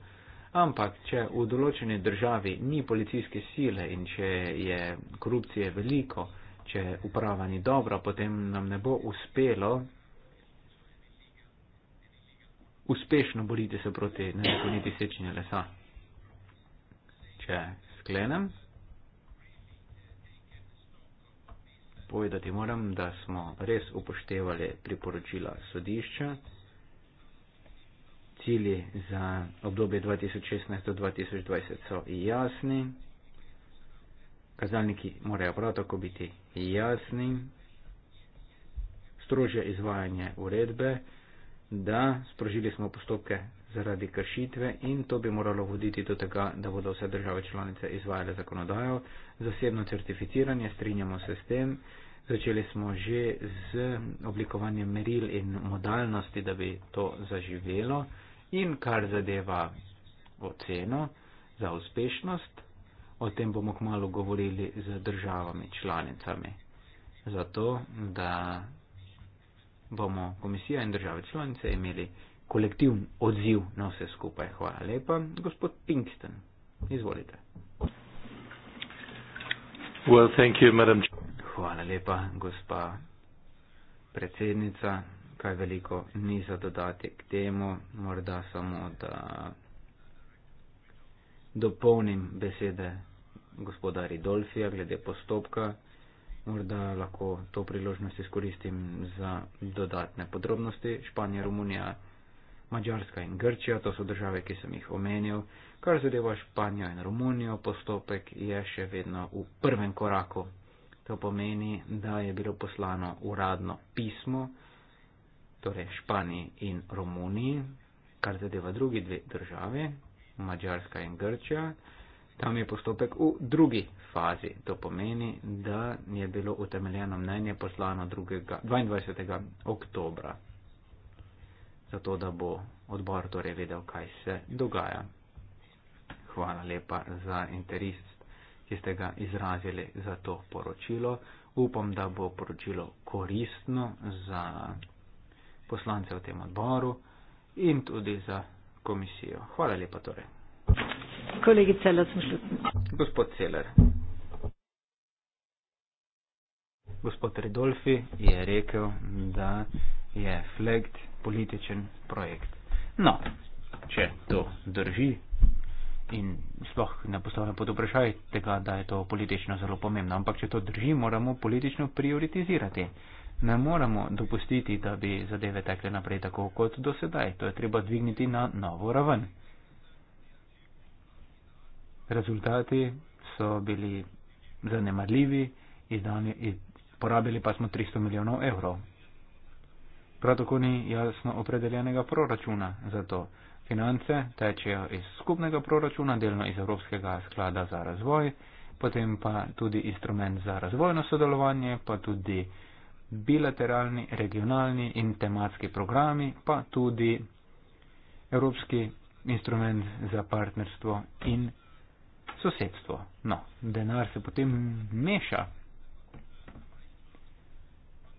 ampak če v določeni državi ni policijske sile in če je korupcije veliko, če uprava ni dobra, potem nam ne bo uspelo uspešno boriti se proti nezakoniti sečenju lesa. Če sklenem, povedati moram, da smo res upoštevali priporočila sodišča. Cilji za obdobje 2016-2020 so jasni. Kazalniki morajo prav tako biti jasni, strožje izvajanje uredbe, da sprožili smo postopke zaradi kršitve in to bi moralo voditi do tega, da bodo vse države članice izvajale zakonodajo. Zasebno certificiranje, strinjamo se s tem, začeli smo že z oblikovanjem meril in modalnosti, da bi to zaživelo in kar zadeva oceno za uspešnost. O tem bomo kmalo govorili z državami, članicami. Zato, da bomo komisija in države članice imeli kolektivni odziv na vse skupaj. Hvala lepa. Gospod Pinkston, izvolite. Well, you, Hvala lepa, gospa predsednica. Kaj veliko ni za dodati k temu, morda samo, da dopolnim besede gospoda Ridolfija glede postopka. Morda lahko to priložnost izkoristim za dodatne podrobnosti. Španija, Romunija, Mačarska in Grčija, to so države, ki sem jih omenil. Kar zadeva Španijo in Romunijo, postopek je še vedno v prvem koraku. To pomeni, da je bilo poslano uradno pismo, torej Španiji in Romuniji, kar zadeva drugi dve državi, Mačarska in Grčija. Tam je postopek v drugi fazi. To pomeni, da je bilo utemeljeno mnenje poslano 22. oktobra. Zato, da bo odbor torej vedel, kaj se dogaja. Hvala lepa za interes, ki ste ga izrazili za to poročilo. Upam, da bo poročilo koristno za poslance v tem odboru in tudi za komisijo. Hvala lepa torej. Kolegi Celar, smo šli. Gospod Celar. Gospod Ridolfi je rekel, da je flagged političen projekt. No, če to drži in sploh ne postavlja pod vprašaj tega, da je to politično zelo pomembno, ampak če to drži, moramo politično prioritizirati. Ne moramo dopustiti, da bi zadeve tekle naprej tako kot do sedaj. To je treba dvigniti na novo raven. Rezultati so bili zanemarljivi, porabili pa smo 300 milijonov evrov. Prav tako ni jasno opredeljenega proračuna za to. Finance tečejo iz skupnega proračuna, delno iz Evropskega sklada za razvoj, potem pa tudi instrument za razvojno sodelovanje, pa tudi bilateralni, regionalni in tematski programi, pa tudi Evropski instrument za partnerstvo in sosedstvo. No, denar se potem meša,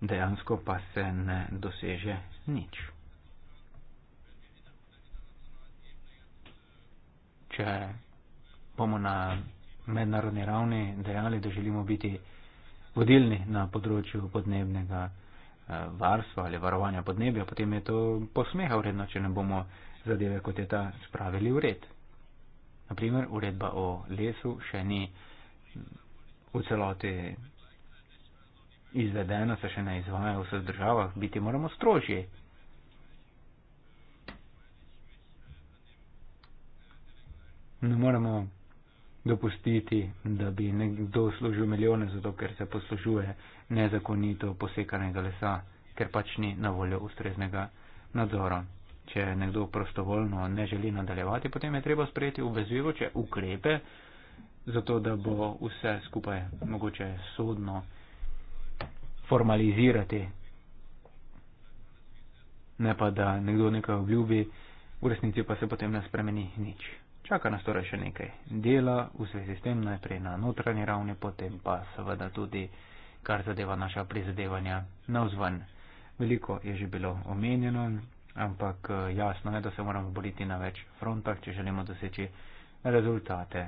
dejansko pa se ne doseže nič. Če bomo na mednarodni ravni dejali, da želimo biti vodilni na področju podnebnega eh, varstva ali varovanja podnebja, potem je to posmeha vredno, če ne bomo zadeve kot je ta spravili v red. Naprimer, uredba o lesu še ni mm, v celoti izvedena, se še ne izvaja v vseh državah, biti moramo strožji. Ne moramo dopustiti, da bi nekdo služil milijone zato, ker se poslužuje nezakonito posekanega lesa, ker pač ni na voljo ustreznega nadzora. Če nekdo prostovoljno ne želi nadaljevati, potem je treba sprejeti obvezujoče ukrepe, zato da bo vse skupaj mogoče sodno formalizirati. Ne pa, da nekdo nekaj obljubi, v resnici pa se potem ne spremeni nič. Čaka nas torej še nekaj dela v zvezi s tem, najprej na notranji ravni, potem pa seveda tudi, kar zadeva naša prizadevanja na vzven. Veliko je že bilo omenjeno, ampak jasno je, da se moramo boriti na več frontah, če želimo doseči rezultate.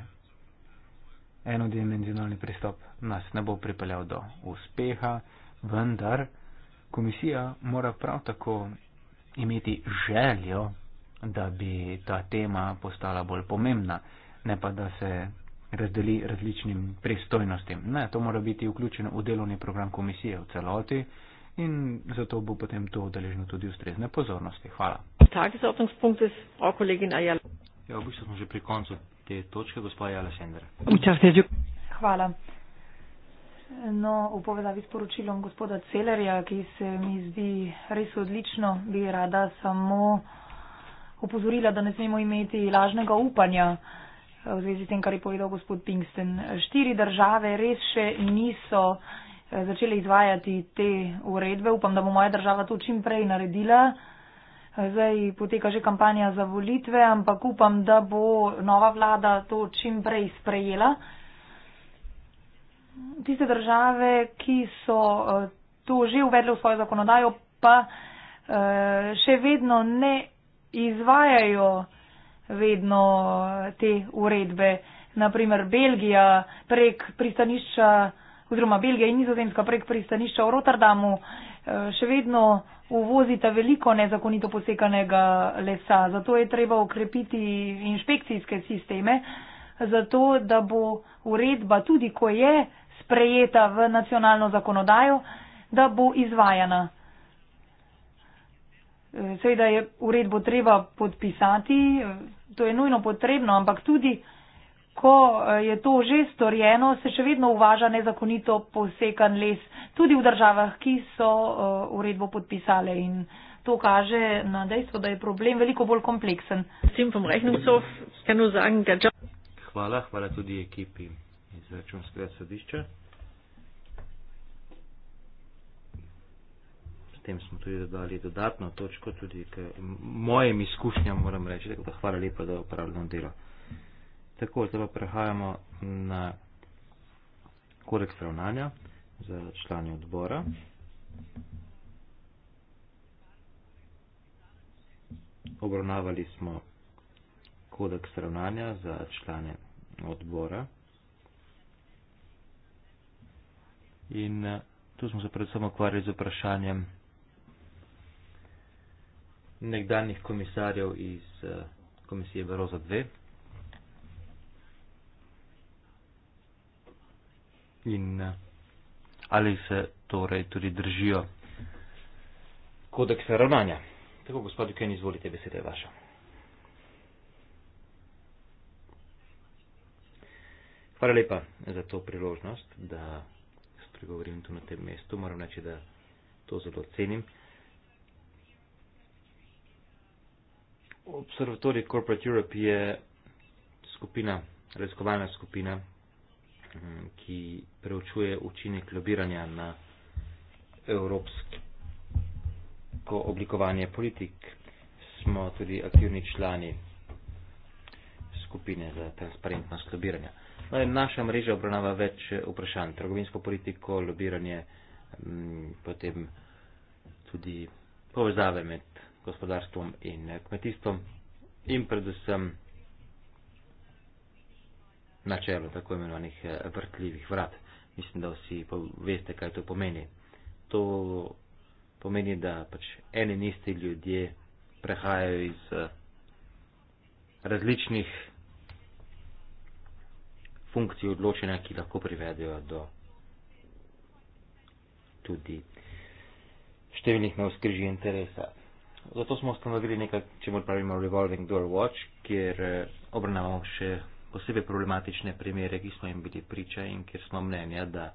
Enodimenzionalni pristop nas ne bo pripeljal do uspeha, vendar komisija mora prav tako imeti željo da bi ta tema postala bolj pomembna, ne pa da se razdeli različnim pristojnostim. Ne, to mora biti vključeno v delovni program komisije v celoti in zato bo potem to odeleženo tudi ustrezne pozornosti. Hvala. Ja, v bistvu smo že pri koncu te točke, gospod Jalesender. Hvala. No, v povezavi s poročilom gospoda Celerja, ki se mi zdi res odlično, bi rada samo uh, opozorila, da ne smemo imeti lažnega upanja eh, v zvezi s tem, kar je povedal gospod Pinkston. Štiri države res še niso eh, začele izvajati te uredbe. Upam, da bo moja država to čim prej naredila. Eh, Zdaj poteka že kampanja za volitve, ampak upam, da bo nova vlada to čim prej sprejela. Tiste države, ki so to že uvedle v svojo zakonodajo, pa še vedno ne izvajajo vedno te uredbe. Naprimer Belgija prek pristanišča oziroma Belgija in Nizozemska prek pristanišča v Rotterdamu eh, še vedno uvozita veliko nezakonito posekanega lesa. Zato je treba ukrepiti inšpekcijske sisteme, zato da bo uredba tudi, ko je sprejeta v nacionalno zakonodajo, da bo izvajana. Seveda je uredbo treba podpisati, to je nujno potrebno, ampak tudi, ko eh, je to že storjeno, se še vedno uvaža nezakonito posekan les, tudi v državah, ki so eh, uredbo podpisale. In to kaže na dejstvo, da je problem veliko bolj kompleksen. Hvala, hvala tudi ekipi iz računskega sodišča. potem smo tudi dodali dodatno točko tudi k mojem izkušnjam, moram reči, tako da hvala lepa, da je opravljeno delo. Tako, zdaj pa prehajamo na kodeks ravnanja za člani odbora. Obravnavali smo kodeks ravnanja za člane odbora. In eh, tu smo se predvsem ukvarjali z vprašanjem, nekdanjih komisarjev iz eh, komisije Baroza 2. In eh, ali se torej tudi držijo kodeksa ravnanja. Tako, gospod Juken, izvolite, beseda je vaša. Hvala lepa za to priložnost, da spregovorim tu na tem mestu. Moram reči, da to zelo cenim. Observatory Corporate Europe je skupina, raziskovalna skupina, mm, ki preučuje učinek lobiranja na evropsko oblikovanje politik. Smo tudi aktivni člani skupine za transparentnost lobiranja. No, naša mreža obravnava več vprašanj. Trgovinsko politiko, lobiranje, mm, potem tudi povezave med gospodarstvom in eh, kmetistvom in predvsem načelo tako imenovanih eh, vrtljivih vrat. Mislim, da vsi veste, kaj to pomeni. To pomeni, da pač eni in isti ljudje prehajajo iz eh, različnih funkcij odločenja, ki lahko privedejo do tudi številnih neuskrižij interesa zato smo ustanovili nekaj, če mor pravimo, revolving door watch, kjer eh, obravnavamo še posebej problematične primere, ki smo jim bili priča in kjer smo mnenja, da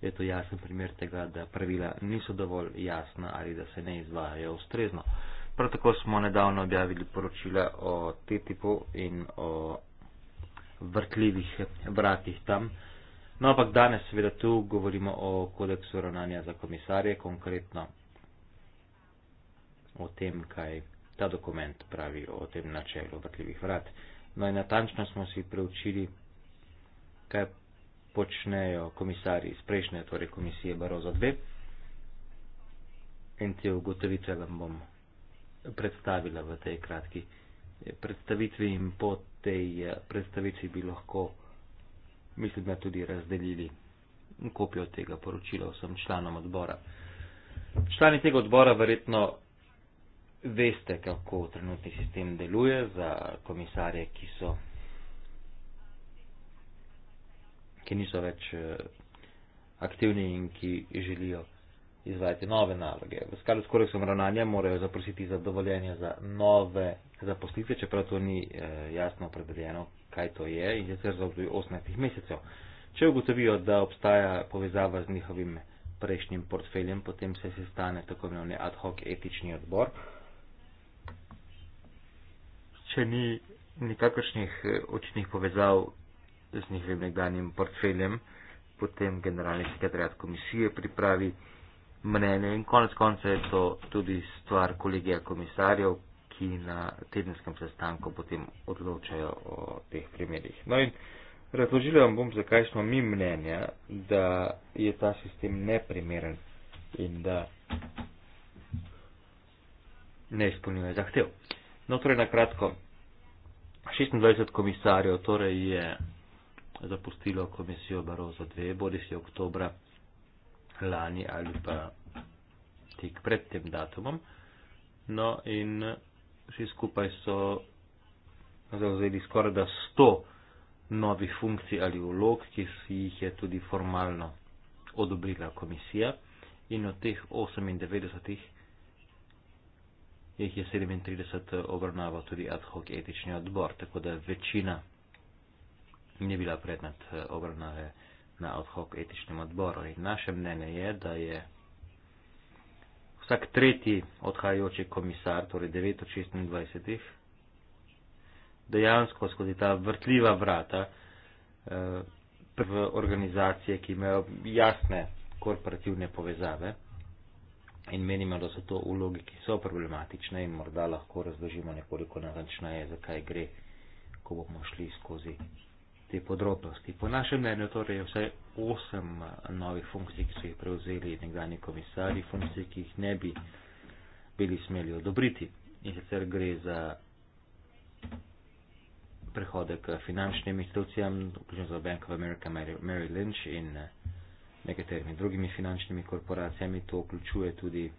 je to jasen primer tega, da pravila niso dovolj jasna ali da se ne izvajajo ustrezno. Prav tako smo nedavno objavili poročila o TTIP-u in o vrtljivih vratih tam. No, ampak danes seveda tu govorimo o kodeksu ravnanja za komisarje, konkretno o tem, kaj ta dokument pravi o tem načelu vrtljivih vrat. No in natančno smo si preučili, kaj počnejo komisari iz prejšnje, torej komisije Barozo 2. In te ugotovitve vam bom predstavila v tej kratki eh, predstavitvi in po tej eh, predstavitvi bi lahko, mislim, da tudi razdelili kopijo tega poročila vsem članom odbora. Člani tega odbora verjetno veste, kako trenutni sistem deluje za komisarje, ki so, ki niso več eh, aktivni in ki želijo izvajati nove naloge. V skladu s kodeksom ravnanja morajo zaprositi za dovoljenje za nove zaposlitve, čeprav to ni eh, jasno opredeljeno, kaj to je in je sicer za obdobje 18 mesecev. Če ugotovijo, da obstaja povezava z njihovim prejšnjim portfeljem, potem se sestane tako imenovani ad hoc etični odbor, če ni nikakršnih eh, očitnih povezav z njihovim nekdanjim portfeljem, potem generalni sekretariat komisije pripravi mnenje in konec konca je to tudi stvar kolegija komisarjev, ki na tedenskem sestanku potem odločajo o teh primerjih. No in razložila vam bom, zakaj smo mi mnenja, da je ta sistem neprimeren in da ne izpolnjuje zahtev. No, torej na kratko, 26 komisarjev torej je zapustilo komisijo Barozo 2, bodi si oktobra lani ali pa tik pred tem datumom. No in vsi skupaj so zavzeli skoraj da 100 novih funkcij ali vlog, ki jih je tudi formalno odobrila komisija in od teh 98 Jih je 37 eh, obravnaval tudi ad hoc etični odbor, tako da večina ni bila predmet eh, obravnave na ad hoc etičnem odboru. In naše mnenje je, da je vsak tretji odhajajoči komisar, torej 9 od 26, dejansko skozi ta vrtljiva vrata eh, v organizacije, ki imajo jasne korporativne povezave in menimo, da so to vloge, ki so problematične in morda lahko razložimo nekoliko natančneje, zakaj gre, ko bomo šli skozi te podrobnosti. Po našem mnenju torej je vsaj osem eh, novih funkcij, ki so jih prevzeli nekdani komisari, funkcij, ki jih ne bi bili smeli odobriti. In sicer gre za prehode k finančnim institucijam, vključno za Bank of America, Mary, Mary Lynch in uh, nekaterimi drugimi finančnimi korporacijami, to vključuje tudi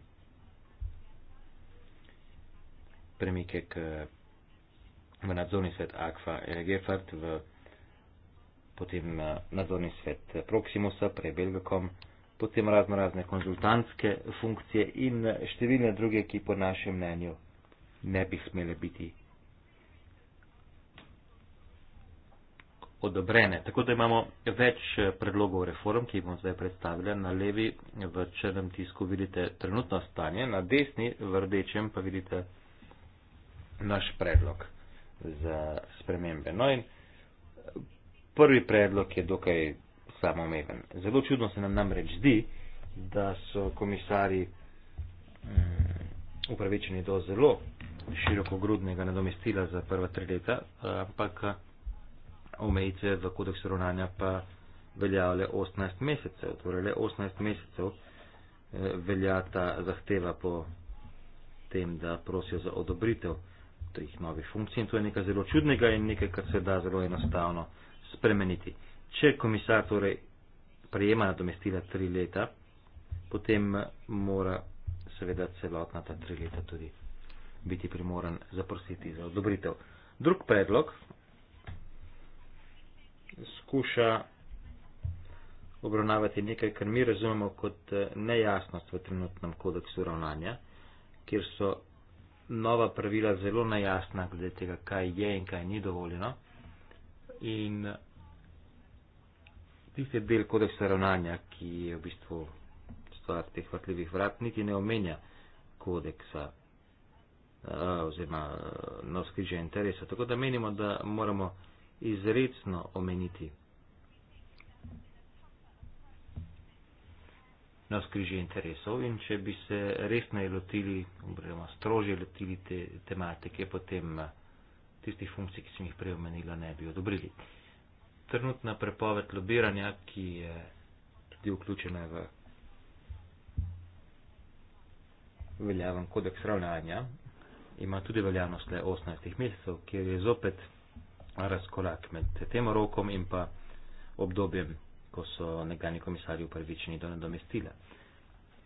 premike k, v nadzorni svet Akva Gefart, v potem eh, nadzorni svet eh, Proximusa, prej Belgakom, potem razno razne konzultantske funkcije in eh, številne druge, ki po našem mnenju ne bi smele biti odobrene. Tako da imamo več eh, predlogov reform, ki jih bom zdaj predstavila. Na levi v črnem tisku vidite trenutno stanje, na desni v rdečem pa vidite naš predlog za spremembe. No in eh, prvi predlog je dokaj samomeven. Zelo čudno se nam namreč zdi, da so komisari mm, upravičeni do zelo širokogrudnega nadomestila za prva tri leta, eh, ampak omejitve v kodeksu ravnanja pa veljajo le 18 mesecev. Torej, le 18 mesecev eh, velja ta zahteva po tem, da prosijo za odobritev teh novih funkcij. In to je nekaj zelo čudnega in nekaj, kar se da zelo enostavno spremeniti. Če komisar torej prejema nadomestila tri leta, potem eh, mora seveda celotna ta tri leta tudi biti primoran zaprositi za odobritev. Drug predlog skuša obravnavati nekaj, kar mi razumemo kot eh, nejasnost v trenutnem kodeksu ravnanja, kjer so nova pravila zelo nejasna glede tega, kaj je in kaj ni dovoljeno. In eh, tisti del kodeksa ravnanja, ki je v bistvu stvar teh vrtljivih vrat, niti ne omenja kodeksa eh, oziroma na skriže interesa. Tako da menimo, da moramo izredno omeniti. Na skrižje interesov in če bi se resno lotili, oziroma strožje lotili te tematike, potem eh, tistih funkcij, ki sem jih prej omenila, ne bi odobrili. Trenutna prepoved lobiranja, ki je tudi vključena v veljaven kodeks ravnanja, ima tudi veljavnost le 18 mesecev, kjer je zopet razkorak med tem rokom in pa obdobjem, ko so nekdani komisarji upravičeni do nadomestila.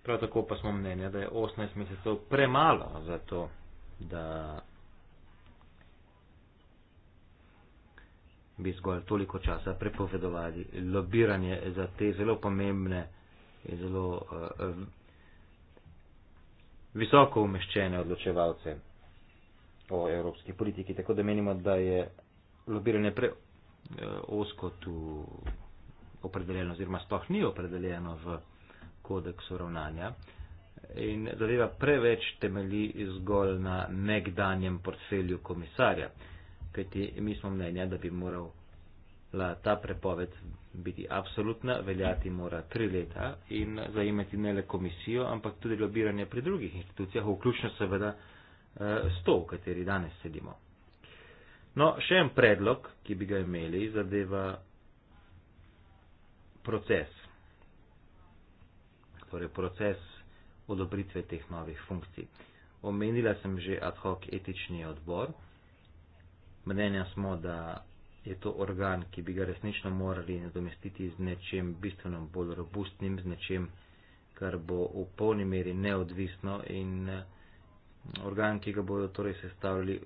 Prav tako pa smo mnenja, da je 18 mesecev premalo za to, da bi zgolj toliko časa prepovedovali lobiranje za te zelo pomembne in zelo uh, visoko umeščene odločevalce o evropski politiki. Tako da menimo, da je lobiranje pre eh, osko tu opredeljeno, oziroma sploh ni opredeljeno v kodeksu ravnanja. In zadeva preveč temelji zgolj na nekdanjem portfelju komisarja, kajti mi smo mnenja, da bi morala ta prepoved biti absolutna, veljati mora tri leta in zajemati ne le komisijo, ampak tudi lobiranje pri drugih institucijah, vključno seveda eh, s to, v kateri danes sedimo. No, še en predlog, ki bi ga imeli, zadeva proces. Torej, proces odobritve teh novih funkcij. Omenila sem že ad hoc etični odbor. Mnenja smo, da je to organ, ki bi ga resnično morali nadomestiti z nečem bistveno bolj robustnim, z nečem, kar bo v polni meri neodvisno in mm, organ, ki ga bodo torej sestavljali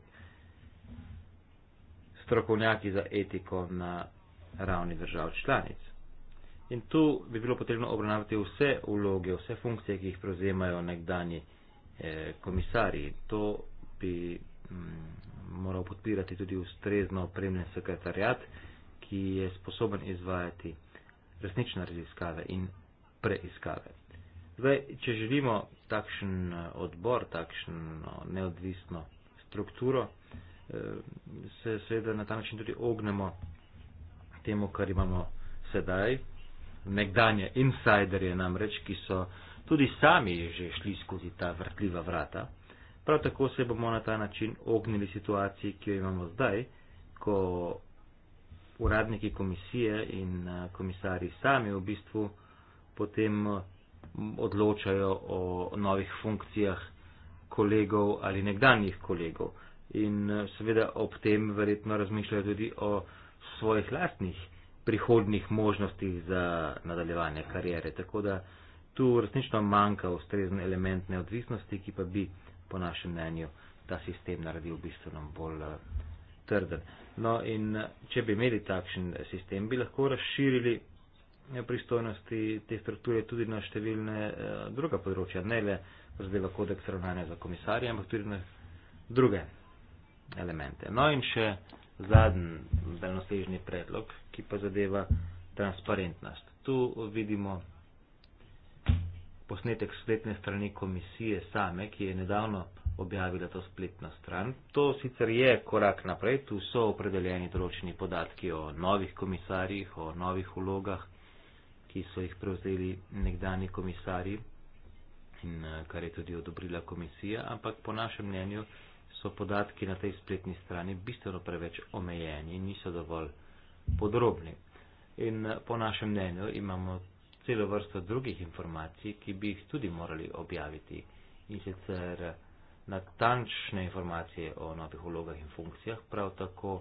strokovnjaki za etiko na ravni držav članic. In tu bi bilo potrebno obravnavati vse vloge, vse funkcije, ki jih prevzemajo nekdani eh, komisarji. To bi hm, moral podpirati tudi ustrezno opremljen sekretarjat, ki je sposoben izvajati resnične raziskave in preiskave. Zdaj, če želimo takšen eh, odbor, takšno neodvisno strukturo, eh, se seveda na ta način tudi ognemo temu, kar imamo sedaj. Nekdanje insajderje namreč, ki so tudi sami že šli skozi ta vrtljiva vrata. Prav tako se bomo na ta način ognili situaciji, ki jo imamo zdaj, ko uradniki komisije in komisari sami v bistvu potem odločajo o novih funkcijah kolegov ali nekdanjih kolegov in eh, seveda ob tem verjetno razmišljajo tudi o svojih lastnih prihodnih možnostih za nadaljevanje karijere. Tako da tu resnično manjka ustrezen element neodvisnosti, ki pa bi po našem mnenju ta sistem naredil bistveno bolj eh, trden. No in eh, če bi imeli takšen sistem, bi lahko razširili pristojnosti te strukture tudi na številne druga področja, ne le zadeva kodeks ravnanja za komisarje, ampak tudi na druge elemente. No in še zadnji daljnosežni predlog, ki pa zadeva transparentnost. Tu vidimo posnetek spletne strani komisije same, ki je nedavno objavila to spletno stran. To sicer je korak naprej, tu so opredeljeni določeni podatki o novih komisarjih, o novih vlogah, ki so jih prevzeli nekdani komisarji in eh, kar je tudi odobrila komisija, ampak po našem mnenju so podatki na tej spletni strani bistveno preveč omejeni in niso dovolj podrobni. In eh, po našem mnenju imamo celo vrsto drugih informacij, ki bi jih tudi morali objaviti in sicer eh, natančne informacije o novih vlogah in funkcijah, prav tako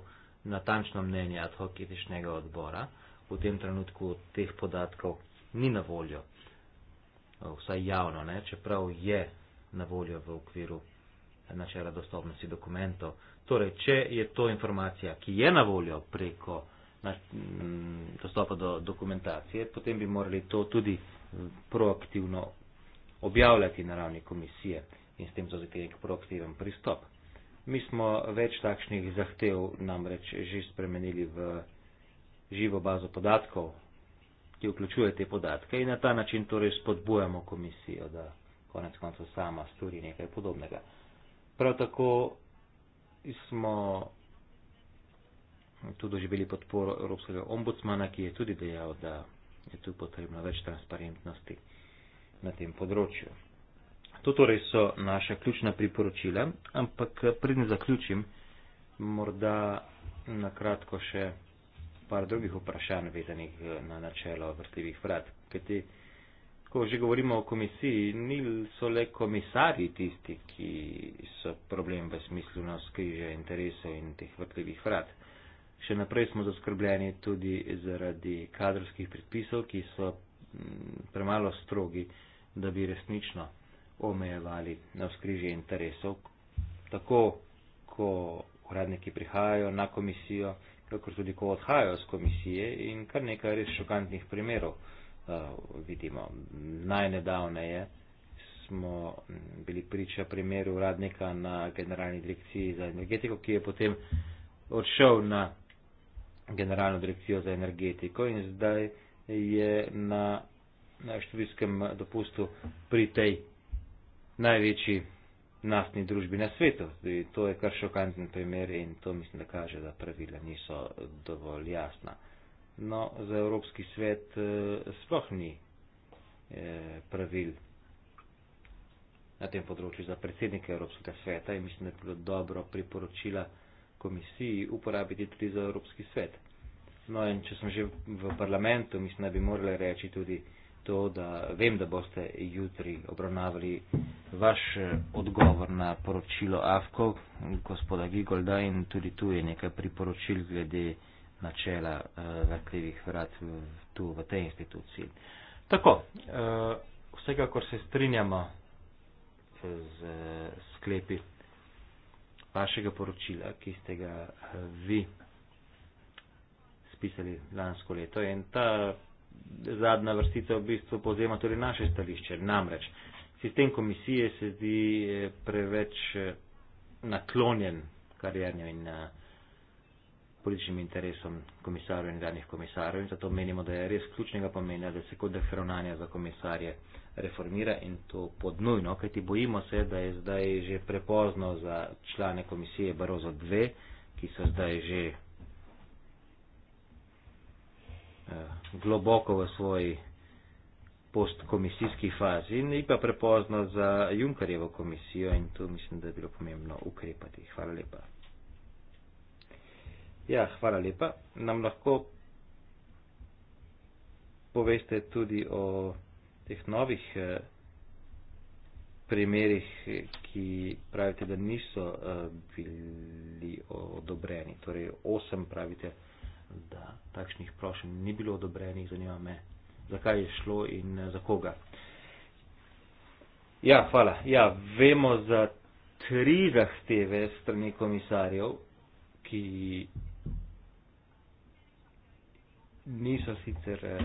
natančno mnenje ad hoc etičnega odbora. V tem trenutku teh podatkov ni na voljo, eh, vsaj javno, ne? čeprav je na voljo v okviru načela dostopnosti dokumentov. Torej, če je to informacija, ki je na voljo preko na, m, mm, dostopa do dokumentacije, potem bi morali to tudi eh, proaktivno objavljati na ravni komisije in s tem zauzeti nek proaktiven pristop. Mi smo več takšnih zahtev namreč že spremenili v živo bazo podatkov, ki vključuje te podatke in na ta način torej spodbujamo komisijo, da konec koncev sama stori nekaj podobnega. Prav tako smo tudi doživeli podporo Evropskega ombudsmana, ki je tudi dejal, da je tu potrebno več transparentnosti na tem področju. To torej so naša ključna priporočila, ampak predne zaključim, morda na kratko še par drugih vprašanj vedenih eh, na načelo vrtljivih vrat. Kajti, ko že govorimo o komisiji, ni so le komisari tisti, ki so problem v smislu nas križa interesov in teh vrtljivih vrat. Še naprej smo zaskrbljeni tudi zaradi kadrovskih predpisov, ki so mm, premalo strogi, da bi resnično omejevali na skrižje interesov, tako ko uradniki prihajajo na komisijo, kakor tudi ko odhajajo z komisije in kar nekaj res šokantnih primerov. Eh, vidimo. Najnedavneje smo bili priča primeru uradnika na generalni direkciji za energetiko, ki je potem odšel na generalno direkcijo za energetiko in zdaj je na, na študijskem dopustu pri tej največji naftni družbi na svetu. To je kar šokanten primer in to mislim, da kaže, da pravila niso dovolj jasna no, za Evropski svet eh, sploh ni eh, pravil na tem področju za predsednike Evropskega sveta in mislim, da je bilo dobro priporočila komisiji uporabiti tudi za Evropski svet. No in če sem že v parlamentu, mislim, da bi morali reči tudi to, da vem, da boste jutri obravnavali vaš eh, odgovor na poročilo AFKO, gospoda Gigolda in tudi tu je nekaj priporočil glede eh, načela uh, vrtljivih vrat tu v tej instituciji. Tako, uh, vsekakor se strinjamo eh, z uh, sklepi vašega poročila, ki ste ga uh, vi spisali lansko leto in ta zadnja vrstica v bistvu povzema tudi naše stališče. Namreč, sistem komisije se zdi preveč naklonjen karjernjem in uh, političnim interesom komisarjev in danih komisarjev in zato menimo, da je res ključnega pomena, da se kodeks ravnanja za komisarje reformira in to podnujno, kajti bojimo se, da je zdaj že prepozno za člane komisije Barozo 2, ki so zdaj že eh, globoko v svoji postkomisijski fazi in pa prepozno za Junkarjevo komisijo in to mislim, da je bilo pomembno ukrepati. Hvala lepa. Ja, hvala lepa. Nam lahko poveste tudi o teh novih eh, primerih, ki pravite, da niso eh, bili odobreni. Torej, osem pravite, da takšnih prošenj ni bilo odobrenih. Zanima me, zakaj je šlo in eh, za koga. Ja, hvala. Ja, vemo za tri zahteve strani komisarjev, ki niso sicer eh,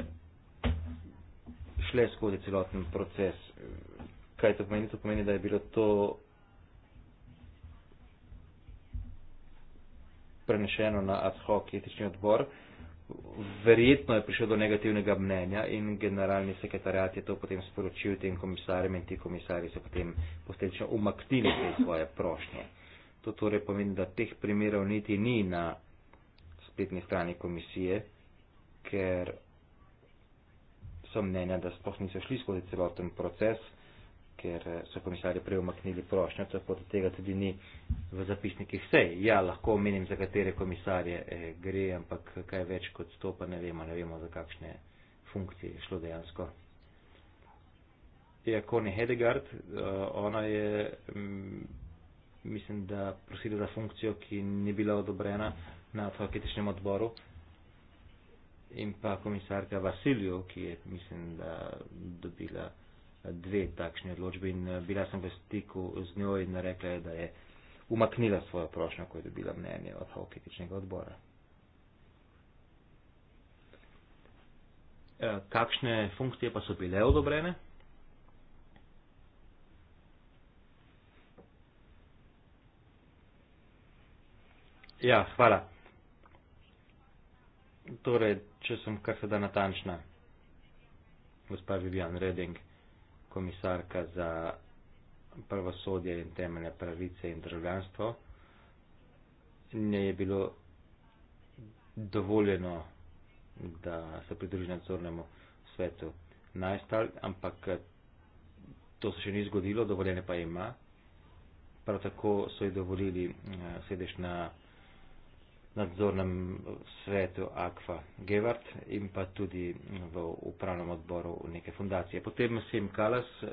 šle skozi celoten proces. Kaj to pomeni? To pomeni, da je bilo to prenešeno na ad hoc etični odbor. Verjetno je prišel do negativnega mnenja in generalni sekretarjat je to potem sporočil tem komisarjem in ti komisari so potem posledično umaknili te svoje prošnje. To torej pomeni, da teh primerov niti ni na spletni strani komisije ker sem mnenja, da sploh niso šli skozi celoten proces, ker eh, so komisarji prej omaknili prošnjo, tako da tega tudi ni v zapisnikih sej. Ja, lahko omenim, za katere komisarje eh, gre, ampak kaj več kot to, pa ne vemo, ne vemo, za kakšne funkcije je šlo dejansko. Je ja, Connie Hedegard, eh, ona je, mm, mislim, da prosila za funkcijo, ki ni bila odobrena na avtoketičnem odboru, in pa komisarka Vasilijo, ki je, mislim, da dobila dve takšne odločbe in eh, bila sem v stiku z njo in rekla je, da je umaknila svojo prošnjo, ko je dobila mnenje od Hokitičnega odbora. Eh, kakšne funkcije pa so bile odobrene? Ja, hvala. Torej, če sem kar sedaj natančna, gospa Vivian Reding, komisarka za pravosodje in temeljne pravice in državljanstvo, ne je bilo dovoljeno, da se pridruži nadzornemu svetu najstal, ampak to se še ni zgodilo, dovoljene pa ima. Prav tako so ji dovolili eh, sedež na nadzornem svetu Akva Gevart in pa tudi v upravnem odboru neke fundacije. Potem Sim Kalas, eh,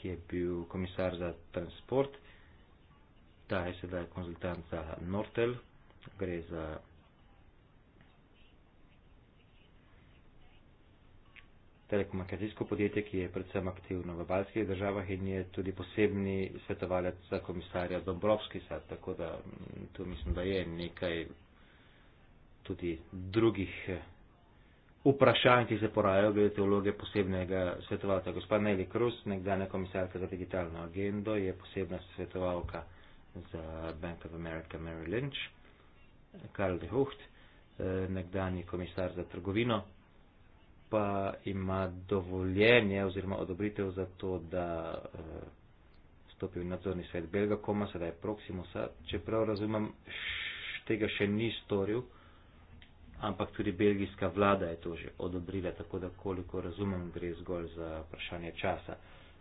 ki je bil komisar za transport, ta je sedaj konzultant za Nortel, gre za telekomunikacijsko podjetje, ki je predvsem aktivno v balskih državah in je tudi posebni svetovalec za komisarja Dombrovski, sad, tako da mm, tu mislim, da je nekaj tudi drugih eh, vprašanj, ki se porajajo glede teologije posebnega svetovalca. Gospa Nelly Cruz, nekdanja komisarka za digitalno agendo, je posebna svetovalka za Bank of America Mary Lynch, Karl de Hucht, eh, nekdani komisar za trgovino pa ima dovoljenje oziroma odobritev za to, da uh, stopi v nadzorni svet Belga Koma, sedaj je Proximusa, čeprav razumem, š, tega še ni storil, ampak tudi belgijska vlada je to že odobrila, tako da koliko razumem, gre zgolj za vprašanje časa,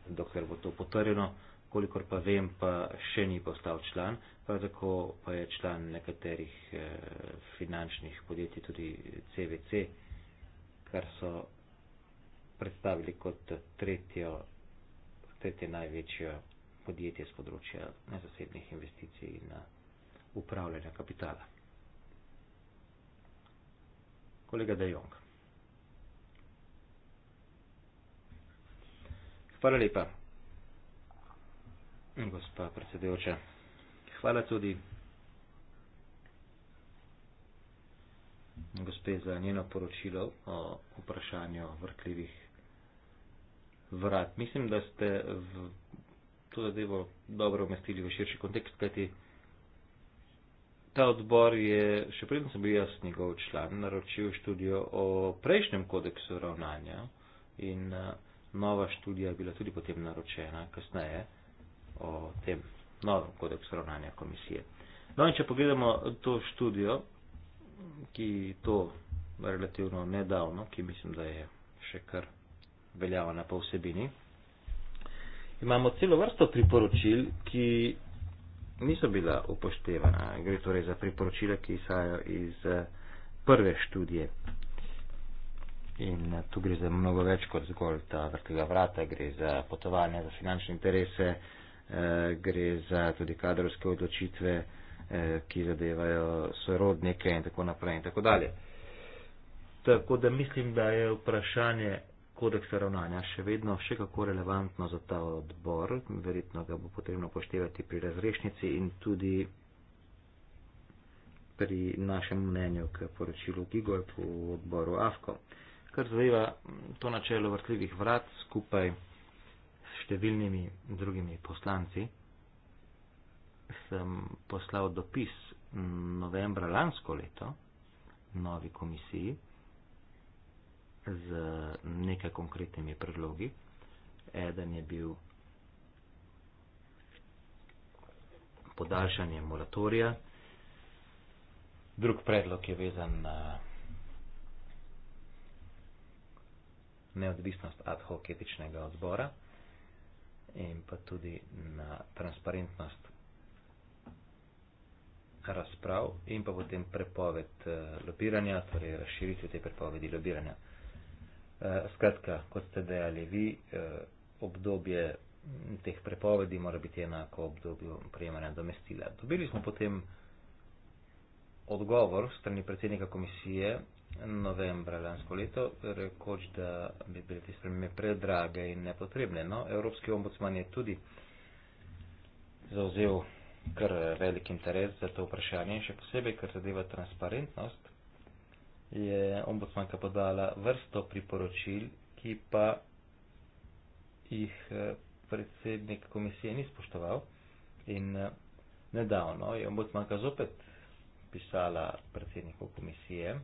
dokler bo to potrjeno, kolikor pa vem, pa še ni postal član, prav tako pa je član nekaterih uh, finančnih podjetij, tudi CVC. Uh, kar so predstavili kot tretjo, tretje največje podjetje z področja nezasebnih investicij in eh, upravljanja kapitala. Kolega De Jong. Hvala lepa, gospa predsedujoča. Hvala tudi gospe za njeno poročilo o vprašanju vrtljivih vrat. Mislim, da ste v to zadevo dobro umestili v širši kontekst, kajti ta odbor je, še preden sem bil jaz njegov član, naročil študijo o prejšnjem kodeksu ravnanja in nova študija je bila tudi potem naročena kasneje o tem novem kodeksu ravnanja komisije. No in če pogledamo to študijo, ki to relativno nedavno, ki mislim, da je še kar veljavna po vsebini. Imamo celo vrsto priporočil, ki niso bila upoštevana. Gre torej za priporočila, ki izhajajo iz eh, prve študije. In eh, tu gre za mnogo več kot zgolj ta vrtega vrata, gre za potovanja, za finančne interese, eh, gre za tudi kadrovske odločitve. Eh, ki zadevajo sorodnike in tako naprej in tako dalje. Tako da mislim, da je vprašanje kodeksa ravnanja še vedno še kako relevantno za ta odbor. Verjetno ga bo potrebno poštevati pri razrešnici in tudi pri našem mnenju k poročilu Gigojku v odboru AFKO. Kar zadeva to načelo vrtljivih vrat skupaj s številnimi drugimi poslanci sem poslal dopis novembra lansko leto novi komisiji z nekaj konkretnimi predlogi. Eden je bil podaljšanje moratorija, drug predlog je vezan na neodvisnost ad hoc etičnega odbora in pa tudi na transparentnost razprav in pa potem prepoved eh, lobiranja, torej razširitev te prepovedi lobiranja. Eh, skratka, kot ste dejali vi, eh, obdobje teh prepovedi mora biti enako obdobju prejemanja domestila. Dobili smo potem odgovor strani predsednika komisije novembra lansko leto, rekoč, da bi bile te spremembe predrage in nepotrebne. No, Evropski ombudsman je tudi zauzel kar velik interes za to vprašanje in še posebej, kar zadeva transparentnost, je ombudsmanka podala vrsto priporočil, ki pa jih eh, predsednik komisije ni spoštoval in eh, nedavno je ombudsmanka zopet pisala predsedniku komisije,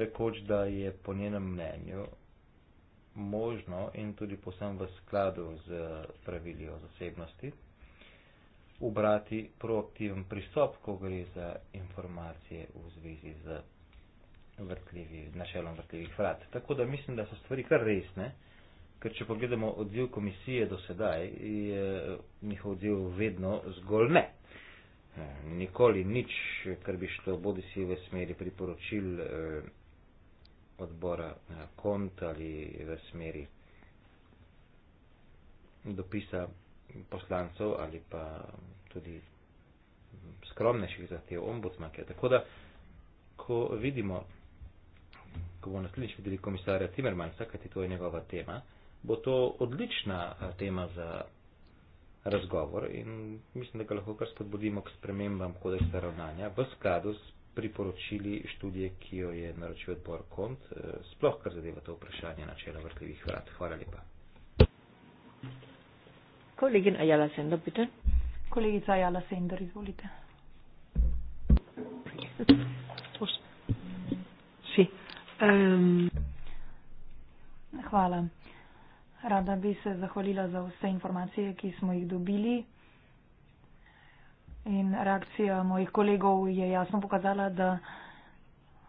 rekoč, da je po njenem mnenju možno in tudi posem v skladu z pravili o zasebnosti, ubrati proaktiven pristop, ko gre za informacije v zvezi z vrtljivi, načelom vrtljivih vrat. Tako da mislim, da so stvari kar resne, ker če pogledamo odziv komisije do sedaj, je njihov odziv vedno zgolj ne. Eh, nikoli nič, kar bi šlo bodi si v smeri priporočil eh, odbora eh, kont ali v smeri dopisa poslancev ali pa tudi skromnejših zahtev ombudsmanke. Tako da, ko vidimo, ko bomo naslednjič videli komisarja Timmermansa, kajti to je njegova tema, bo to odlična eh, tema za razgovor in mislim, da ga lahko kar spodbudimo k spremembam kodeksa ravnanja v skladu s priporočili študije, ki jo je naročil odbor KONT, eh, sploh kar zadeva to vprašanje načela vrtljivih vrat. Hvala lepa. Kolegin Ajala Sender, bitte. Kollegin Ajala Sender, izvolite. Si. Um. Hvala. Rada bi se zahvalila za vse informacije, ki smo jih dobili. In reakcija mojih kolegov je jasno pokazala, da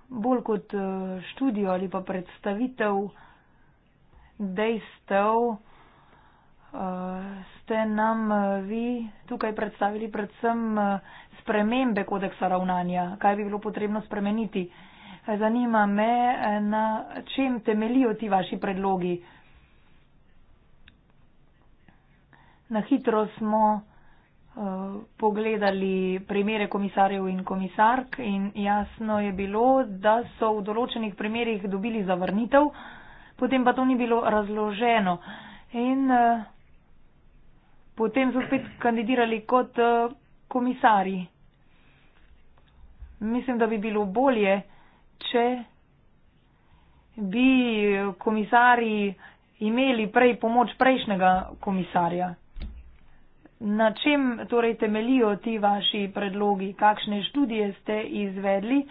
bolj kot eh, študijo ali pa predstavitev dejstev, Eh, ste nam eh, vi tukaj predstavili predvsem eh, spremembe kodeksa ravnanja, kaj bi bilo potrebno spremeniti. Zanima me, na čem temelijo ti vaši predlogi. Na hitro smo uh, pogledali primere komisarjev in komisark in jasno je bilo, da so v določenih primerjih dobili zavrnitev, potem pa to ni bilo razloženo. In, uh, potem so spet kandidirali kot eh, komisari. Mislim, da bi bilo bolje, če bi komisari imeli prej pomoč prejšnjega komisarja. Na čem torej temelijo ti vaši predlogi? Kakšne študije ste izvedli?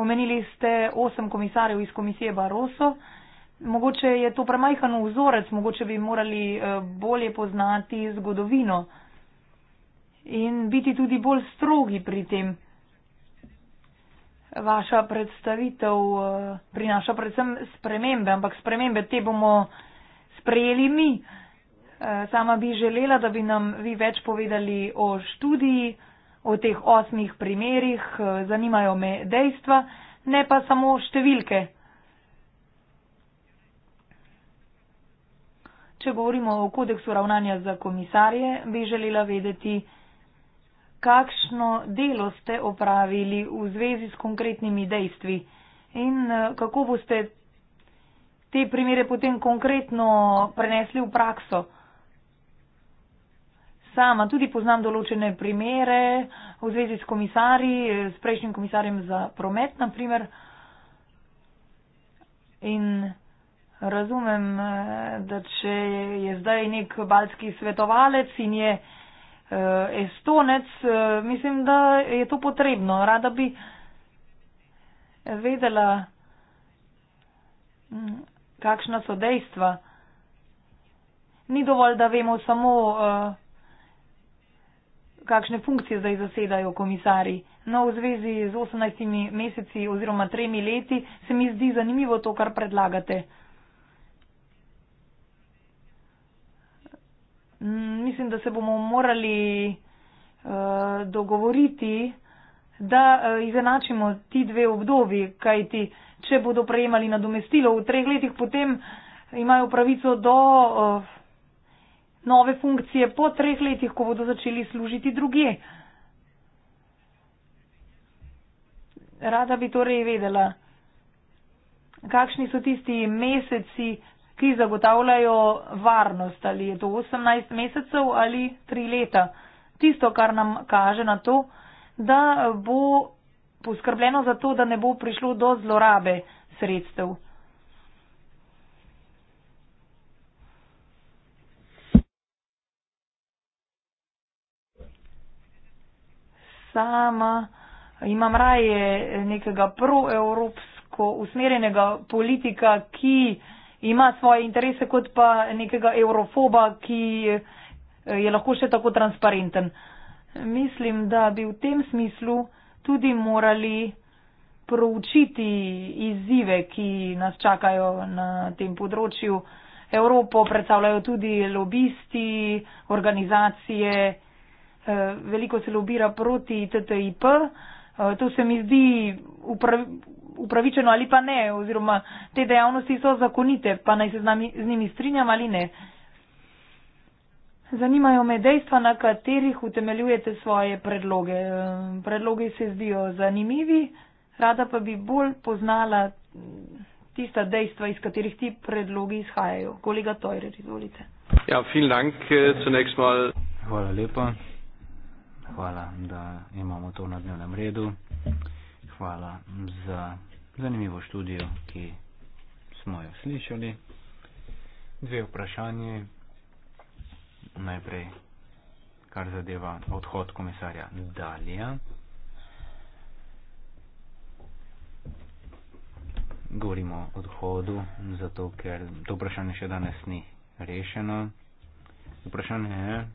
Omenili ste osem komisarjev iz komisije Baroso. Mogoče je to premajhen vzorec, mogoče bi morali eh, bolje poznati zgodovino in biti tudi bolj strogi pri tem. Vaša predstavitev eh, prinaša predvsem spremembe, ampak spremembe te bomo sprejeli mi. Eh, sama bi želela, da bi nam vi več povedali o študiji, o teh osmih primerjih, zanimajo me dejstva, ne pa samo številke. če govorimo o kodeksu ravnanja za komisarje, bi želela vedeti, kakšno delo ste opravili v zvezi s konkretnimi dejstvi in eh, kako boste te primere potem konkretno prenesli v prakso. Sama tudi poznam določene primere v zvezi s komisarji, s prejšnjim komisarjem za promet, na primer. In razumem, eh, da če je zdaj nek baltski svetovalec in je eh, estonec, eh, mislim, da je to potrebno. Rada bi vedela, mm, kakšna so dejstva. Ni dovolj, da vemo samo, kakšne funkcije zdaj zasedajo komisari. No, v zvezi z 18 meseci oziroma tremi leti se mi zdi zanimivo to, kar predlagate. Mm, mislim, da se bomo morali uh, dogovoriti, da uh, izenačimo ti dve obdobi, kajti če bodo prejemali nadomestilo v treh letih, potem imajo pravico do uh, nove funkcije po treh letih, ko bodo začeli služiti druge. Rada bi torej vedela, kakšni so tisti meseci, ki zagotavljajo varnost, ali je to 18 mesecev ali 3 leta. Tisto, kar nam kaže na to, da bo poskrbljeno za to, da ne bo prišlo do zlorabe sredstev. Sama imam raje nekega proevropsko usmerjenega politika, ki ima svoje interese, kot pa nekega eurofoba, ki eh, je lahko še tako transparenten. Mislim, da bi v tem smislu tudi morali proučiti izzive, ki nas čakajo na tem področju. Evropo predstavljajo tudi lobisti, organizacije, eh, veliko se lobira proti TTIP. Eh, to se mi zdi upravičeno ali pa ne, oziroma te dejavnosti so zakonite, pa naj se z, nami, z njimi strinjam ali ne. Zanimajo me dejstva, na katerih utemeljujete svoje predloge. Predlogi se zdijo zanimivi, rada pa bi bolj poznala tista dejstva, iz katerih ti predlogi izhajajo. Kolega Tojrer, izvolite. Ja, dank, äh, mal... Hvala lepa. Hvala, da imamo to na dnevnem redu hvala za zanimivo študijo, ki smo jo slišali. Dve vprašanje. Najprej, kar zadeva odhod komisarja Dalija. Govorimo o odhodu, zato ker to vprašanje še danes ni rešeno. Vprašanje je,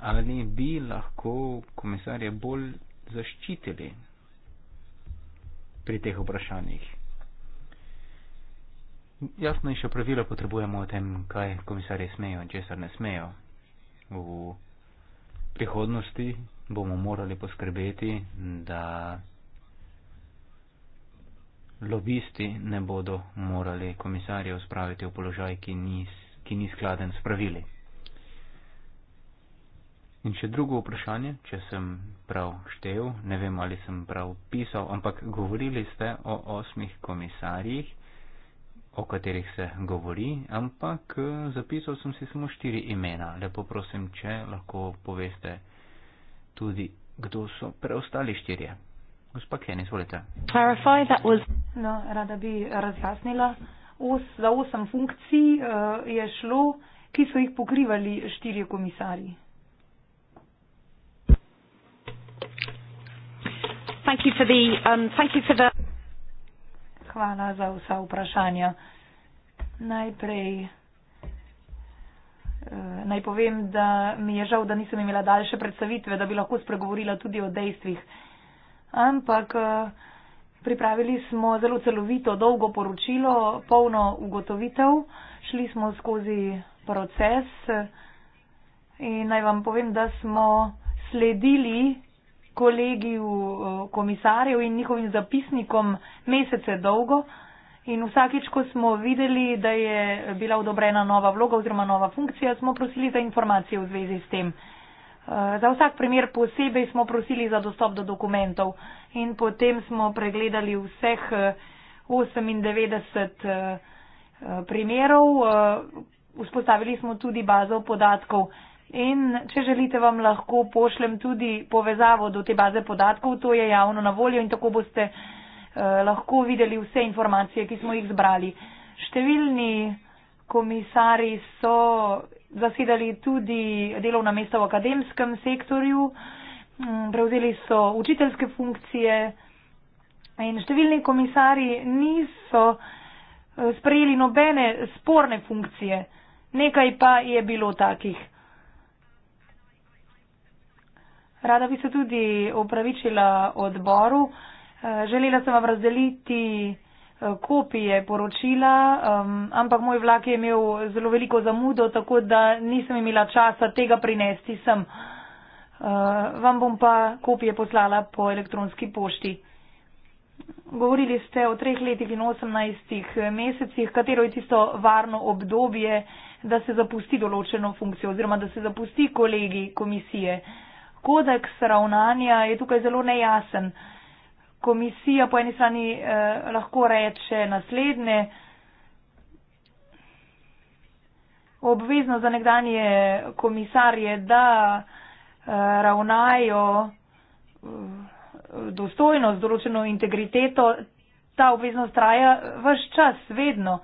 ali bi lahko komisarje bolj zaščitili pri teh vprašanjih. Jasno in še pravila potrebujemo o tem, kaj komisarje smejo in česar ne smejo. V prihodnosti bomo morali poskrbeti, da lobisti ne bodo morali komisarjev spraviti v položaj, ki ni, ki ni skladen s pravili. In še drugo vprašanje, če sem prav štev, ne vem ali sem prav pisal, ampak govorili ste o osmih komisarjih, o katerih se govori, ampak eh, zapisal sem si samo štiri imena. Lepo prosim, če lahko poveste tudi, kdo so preostali štirje. Gospa Ken, izvolite. Clarify, that was... No, rada bi razjasnila. Os, za osem funkcij uh, je šlo, ki so jih pokrivali štirje komisarji. thank you for the um, thank you for the Hvala za vsa vprašanja. Najprej eh, naj povem, da mi je žal, da nisem imela daljše predstavitve, da bi lahko spregovorila tudi o dejstvih. Ampak eh, pripravili smo zelo celovito, dolgo poročilo, polno ugotovitev, šli smo skozi proces eh, in naj vam povem, da smo sledili kolegiju eh, komisarjev in njihovim zapisnikom mesece dolgo. In vsakič, ko smo videli, da je bila odobrena nova vloga oziroma nova funkcija, smo prosili za informacije v zvezi s tem. Eh, za vsak primer posebej smo prosili za dostop do dokumentov in potem smo pregledali vseh 98 eh, primerov. Vzpostavili smo tudi bazo podatkov In če želite, vam lahko pošljem tudi povezavo do te baze podatkov, to je javno na voljo in tako boste eh, lahko videli vse informacije, ki smo jih zbrali. Številni komisari so zasedali tudi delovna mesta v akademskem sektorju, mm, prevzeli so učiteljske funkcije in številni komisari niso eh, sprejeli nobene sporne funkcije. Nekaj pa je bilo takih. Rada bi se tudi opravičila odboru. Eh, želela sem vam razdeliti eh, kopije poročila, ampak moj vlak je imel zelo veliko zamudo, tako da nisem imela časa tega prinesti sem. Eh, vam bom pa kopije poslala po elektronski pošti. Govorili ste o treh letih in osemnajstih mesecih, katero je tisto varno obdobje, da se zapusti določeno funkcijo oziroma da se zapusti kolegi komisije kodeks ravnanja je tukaj zelo nejasen. Komisija po eni strani eh, lahko reče naslednje. Obvezno za nekdanje komisarje, da eh, ravnajo eh, dostojno z določeno integriteto, ta obveznost traja vse čas, vedno.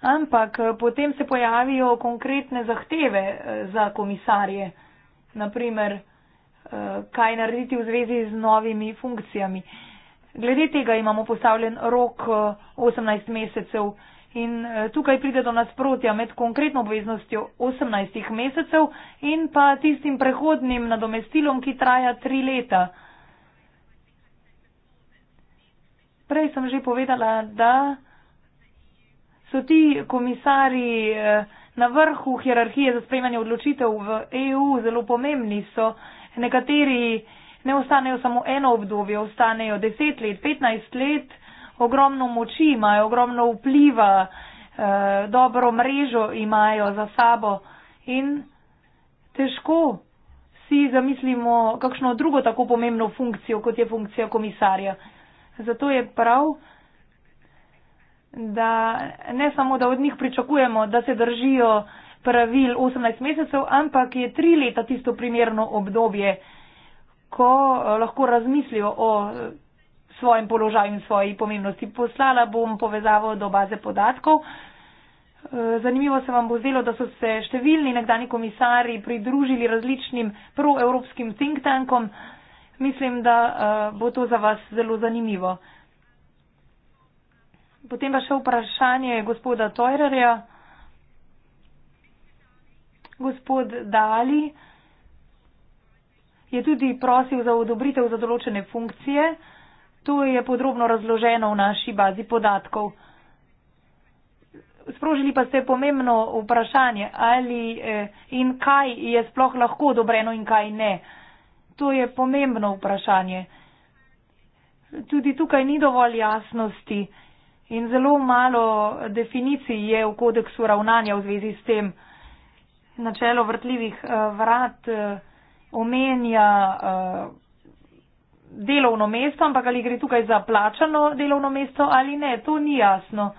Ampak eh, potem se pojavijo konkretne zahteve eh, za komisarje. Naprimer, Eh, kaj narediti v zvezi z novimi funkcijami. Glede tega imamo postavljen rok 18 eh, mesecev in eh, tukaj pride do nasprotja med konkretno obveznostjo 18 mesecev in pa tistim prehodnim nadomestilom, ki traja tri leta. Prej sem že povedala, da so ti komisari na vrhu hierarhije za sprejmanje odločitev v EU zelo pomembni. So nekateri ne ostanejo samo eno obdobje, ostanejo deset let, petnajst let, ogromno moči imajo, ogromno vpliva, eh, dobro mrežo imajo za sabo in težko si zamislimo kakšno drugo tako pomembno funkcijo, kot je funkcija komisarja. Zato je prav, da ne samo, da od njih pričakujemo, da se držijo pravil 18 mesecev, ampak je tri leta tisto primerno obdobje, ko eh, lahko razmislijo o eh, svojem položaju in svoji pomembnosti. Poslala bom povezavo do baze podatkov. Eh, zanimivo se vam bo zdelo, da so se številni nekdani komisari pridružili različnim proevropskim think tankom. Mislim, da bo to za vas zelo zanimivo. Potem pa še vprašanje gospoda Teurerja gospod Dali je tudi prosil za odobritev za določene funkcije. To je podrobno razloženo v naši bazi podatkov. Sprožili pa ste pomembno vprašanje, ali eh, in kaj je sploh lahko odobreno in kaj ne. To je pomembno vprašanje. Tudi tukaj ni dovolj jasnosti in zelo malo definicij je v kodeksu ravnanja v zvezi s tem načelo vrtljivih eh, vrat eh, omenja eh, delovno mesto, ampak ali gre tukaj za plačano delovno mesto ali ne, to ni jasno.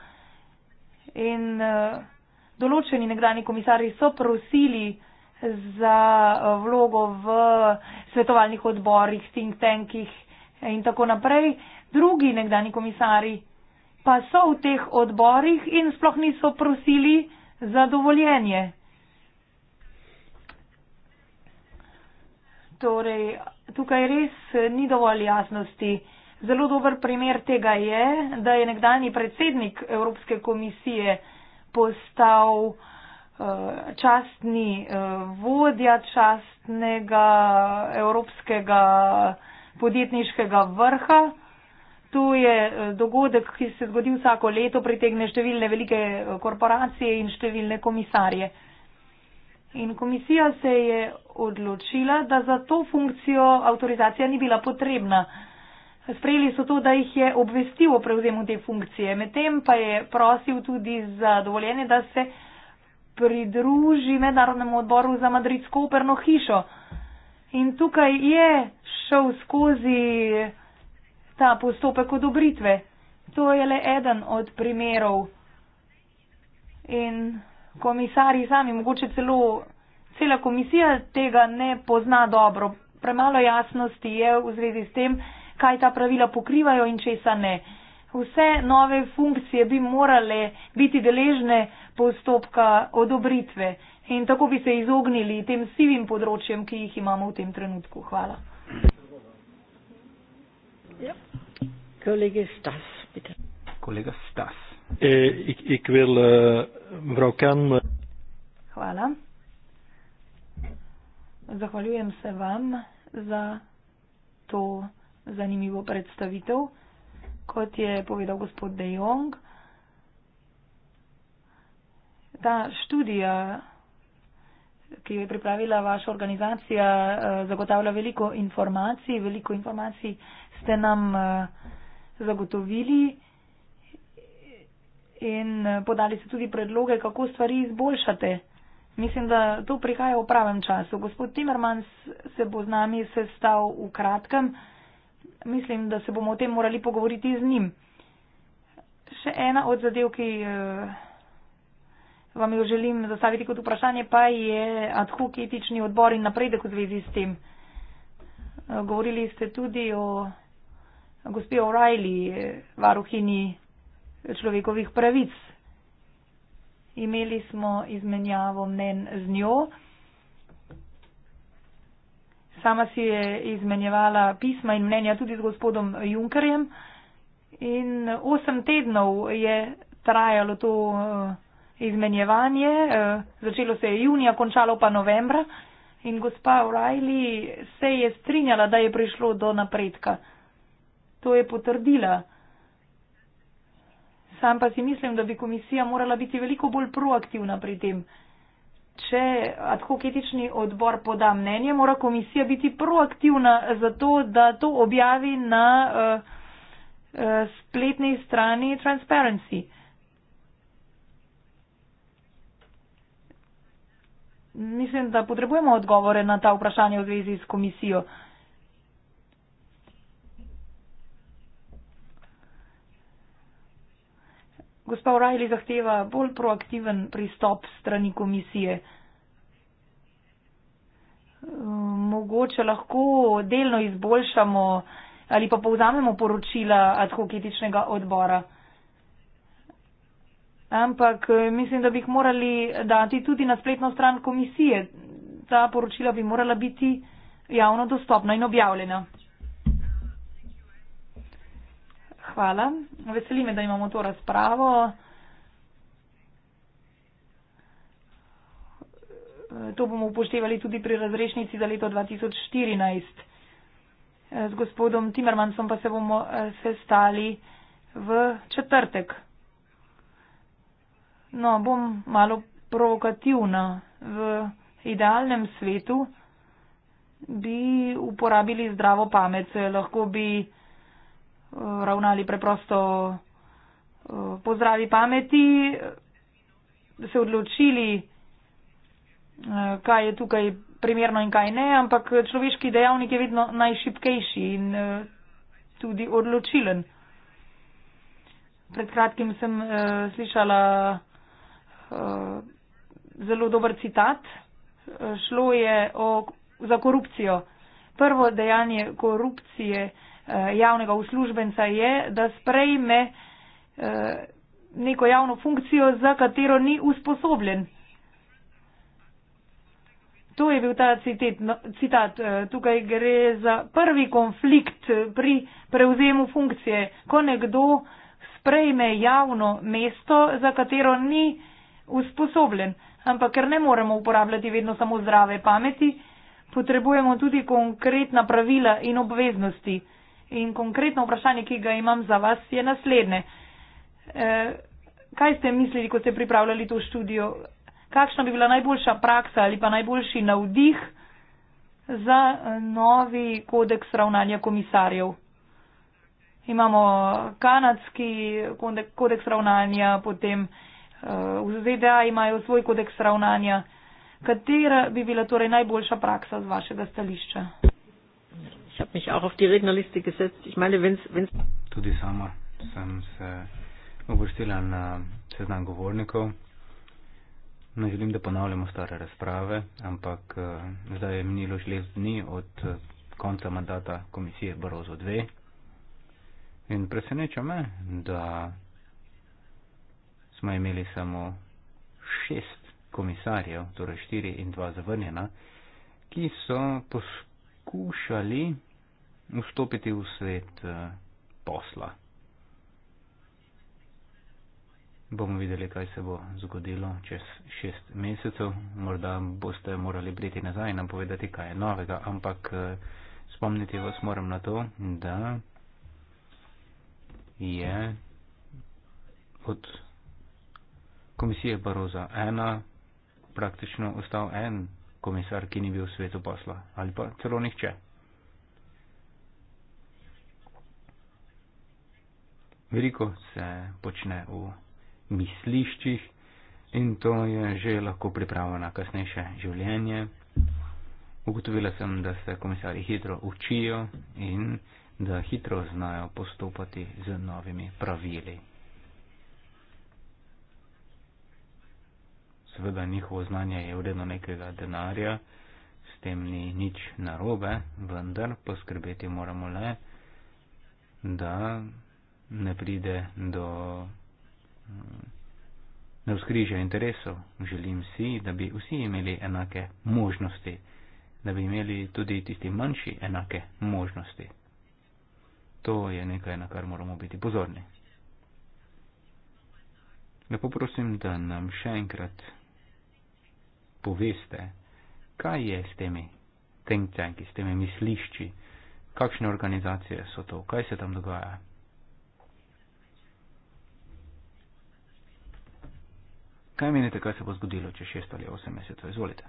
In določeni nekdani komisari so prosili za vlogo v svetovalnih odborih, think tankih in tako naprej. Drugi nekdani komisari pa so v teh odborih in sploh niso prosili za dovoljenje. Torej, tukaj res eh, ni dovolj jasnosti. Zelo dober primer tega je, da je nekdani predsednik Evropske komisije postal eh, častni eh, vodja častnega evropskega podjetniškega vrha. To je dogodek, ki se zgodi vsako leto, pritegne številne velike korporacije in številne komisarje. In komisija se je odločila, da za to funkcijo avtorizacija ni bila potrebna. Sprejeli so to, da jih je obvestil o prevzemu te funkcije. Medtem pa je prosil tudi za dovoljenje, da se pridruži mednarodnemu odboru za madridsko operno hišo. In tukaj je šel skozi ta postopek odobritve. To je le eden od primerov. In komisarji sami, mogoče celo cela komisija tega ne pozna dobro. Premalo jasnosti je v zvezi s tem, kaj ta pravila pokrivajo in česa ne. Vse nove funkcije bi morale biti deležne postopka odobritve in tako bi se izognili tem sivim področjem, ki jih imamo v tem trenutku. Hvala. Ja. Kolega Stas. Kolega Stas. Eh, ik, ik wil, uh v rokan. Hvala. Zahvaljujem se vam za to zanimivo predstavitev. Kot je povedal gospod De Jong, ta študija, ki jo je pripravila vaša organizacija, eh, zagotavlja veliko informacij. Veliko informacij ste nam eh, zagotovili in eh, podali ste tudi predloge, kako stvari izboljšate. Mislim, da to prihaja v pravem času. Gospod Timmermans se bo z nami sestal v kratkem. Mislim, da se bomo o tem morali pogovoriti z njim. Še ena od zadev, ki eh, vam jo želim zastaviti kot vprašanje, pa je ad hoc etični odbor in napredek v zvezi s tem. Eh, govorili ste tudi o gospe O'Reilly, varuhini človekovih pravic. Imeli smo izmenjavo mnen z njo. Sama si je izmenjevala pisma in mnenja tudi z gospodom Junkerjem. In osem tednov je trajalo to eh, izmenjevanje. Eh, začelo se je junija, končalo pa novembra. In gospa O'Reilly se je strinjala, da je prišlo do napredka. To je potrdila. Sam pa si mislim, da bi komisija morala biti veliko bolj proaktivna pri tem. Če ad hoc etični odbor poda mnenje, mora komisija biti proaktivna za to, da to objavi na uh, uh, spletni strani Transparency. Mislim, da potrebujemo odgovore na ta vprašanja v zvezi s komisijo. Uh, Gospa Urajli zahteva bolj proaktiven pristop strani komisije. Mogoče lahko delno izboljšamo ali pa povzamemo poročila ad hoc etičnega odbora. Ampak eh, mislim, da bi jih morali dati tudi na spletno stran komisije. Ta poročila bi morala biti javno dostopna in objavljena. hvala. Veseli me, da imamo to razpravo. To bomo upoštevali tudi pri razrešnici za leto 2014. Z gospodom Timermansom pa se bomo eh, sestali v četrtek. No, bom malo provokativna. V idealnem svetu bi uporabili zdravo pamet. Lahko bi ravnali preprosto eh, po zdravi pameti, se odločili, eh, kaj je tukaj primerno in kaj ne, ampak človeški dejavnik je vedno najšipkejši in eh, tudi odločilen. Pred kratkim sem slišala zelo dober citat. Šlo je o, za korupcijo. Prvo dejanje korupcije Eh, javnega uslužbenca je, da sprejme eh, neko javno funkcijo, za katero ni usposobljen. To je bil ta citet, no, citat. Eh, tukaj gre za prvi konflikt pri prevzemu funkcije, ko nekdo sprejme javno mesto, za katero ni usposobljen. Ampak ker ne moremo uporabljati vedno samo zdrave pameti, potrebujemo tudi konkretna pravila in obveznosti. In konkretno vprašanje, ki ga imam za vas, je naslednje. E, kaj ste mislili, ko ste pripravljali to študijo? Kakšna bi bila najboljša praksa ali pa najboljši navdih za novi kodeks ravnanja komisarjev? Imamo kanadski kodeks ravnanja, potem e, v ZDA imajo svoj kodeks ravnanja. Katera bi bila torej najboljša praksa z vašega stališča? habe mich auch auf die Rednerliste gesetzt. Ich meine, wenn es. Tudi sama, sem se uvrstila na seznam govornikov. Ne želim, da ponavljamo stare razprave, ampak uh, zdaj je minilo že les dni od uh, konca mandata komisije Barozo 2. In preseneča me, da smo imeli samo šest komisarjev, torej štiri in dva zavrnjena, ki so poskušali vstopiti v svet eh, posla. Bomo videli, kaj se bo zgodilo čez šest mesecev. Morda boste morali priti nazaj in nam povedati, kaj je novega, ampak eh, spomniti vas moram na to, da je od komisije Baroza 1 praktično ostal en komisar, ki ni bil v svetu posla ali pa celo nihče. Veliko se počne v misliščih in to je že lahko pripravo na kasnejše življenje. Ugotovila sem, da se komisari hitro učijo in da hitro znajo postopati z novimi pravili. Seveda njihovo znanje je vredno nekega denarja, s tem ni nič narobe, vendar poskrbeti moramo le, da ne pride do mm, navzkrižja interesov. Želim si, da bi vsi imeli enake možnosti, da bi imeli tudi tisti manjši enake možnosti. To je nekaj, na kar moramo biti pozorni. Lepo prosim, da nam še enkrat poveste, kaj je s temi think tanki, s temi mislišči, kakšne organizacije so to, kaj se tam dogaja. Kaj menite, kaj se bo zgodilo čez 6 ali 8 mesecev? Izvolite.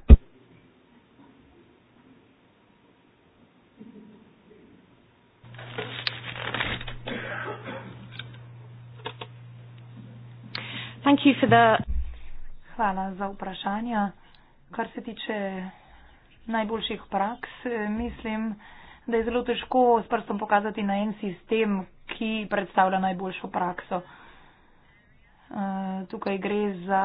Hvala za vprašanja. Kar se tiče najboljših praks, mislim, da je zelo težko s prstom pokazati na en sistem, ki predstavlja najboljšo prakso tukaj gre za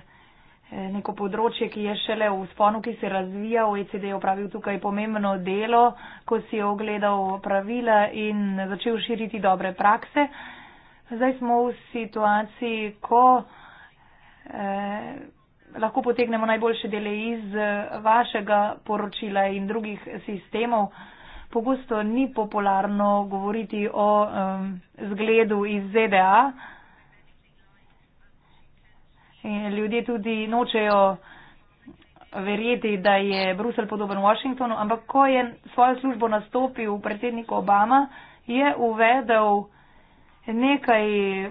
eh, neko področje, ki je šele v sponu, ki se razvija. OECD je opravil tukaj pomembno delo, ko si je ogledal pravila in začel širiti dobre prakse. Zdaj smo v situaciji, ko eh, lahko potegnemo najboljše dele iz eh, vašega poročila in drugih sistemov. Pogosto ni popularno govoriti o eh, zgledu iz ZDA. Eh, In ljudje tudi nočejo verjeti, da je Bruselj podoben Washingtonu, ampak ko je svojo službo nastopil predsednik Obama, je uvedel nekaj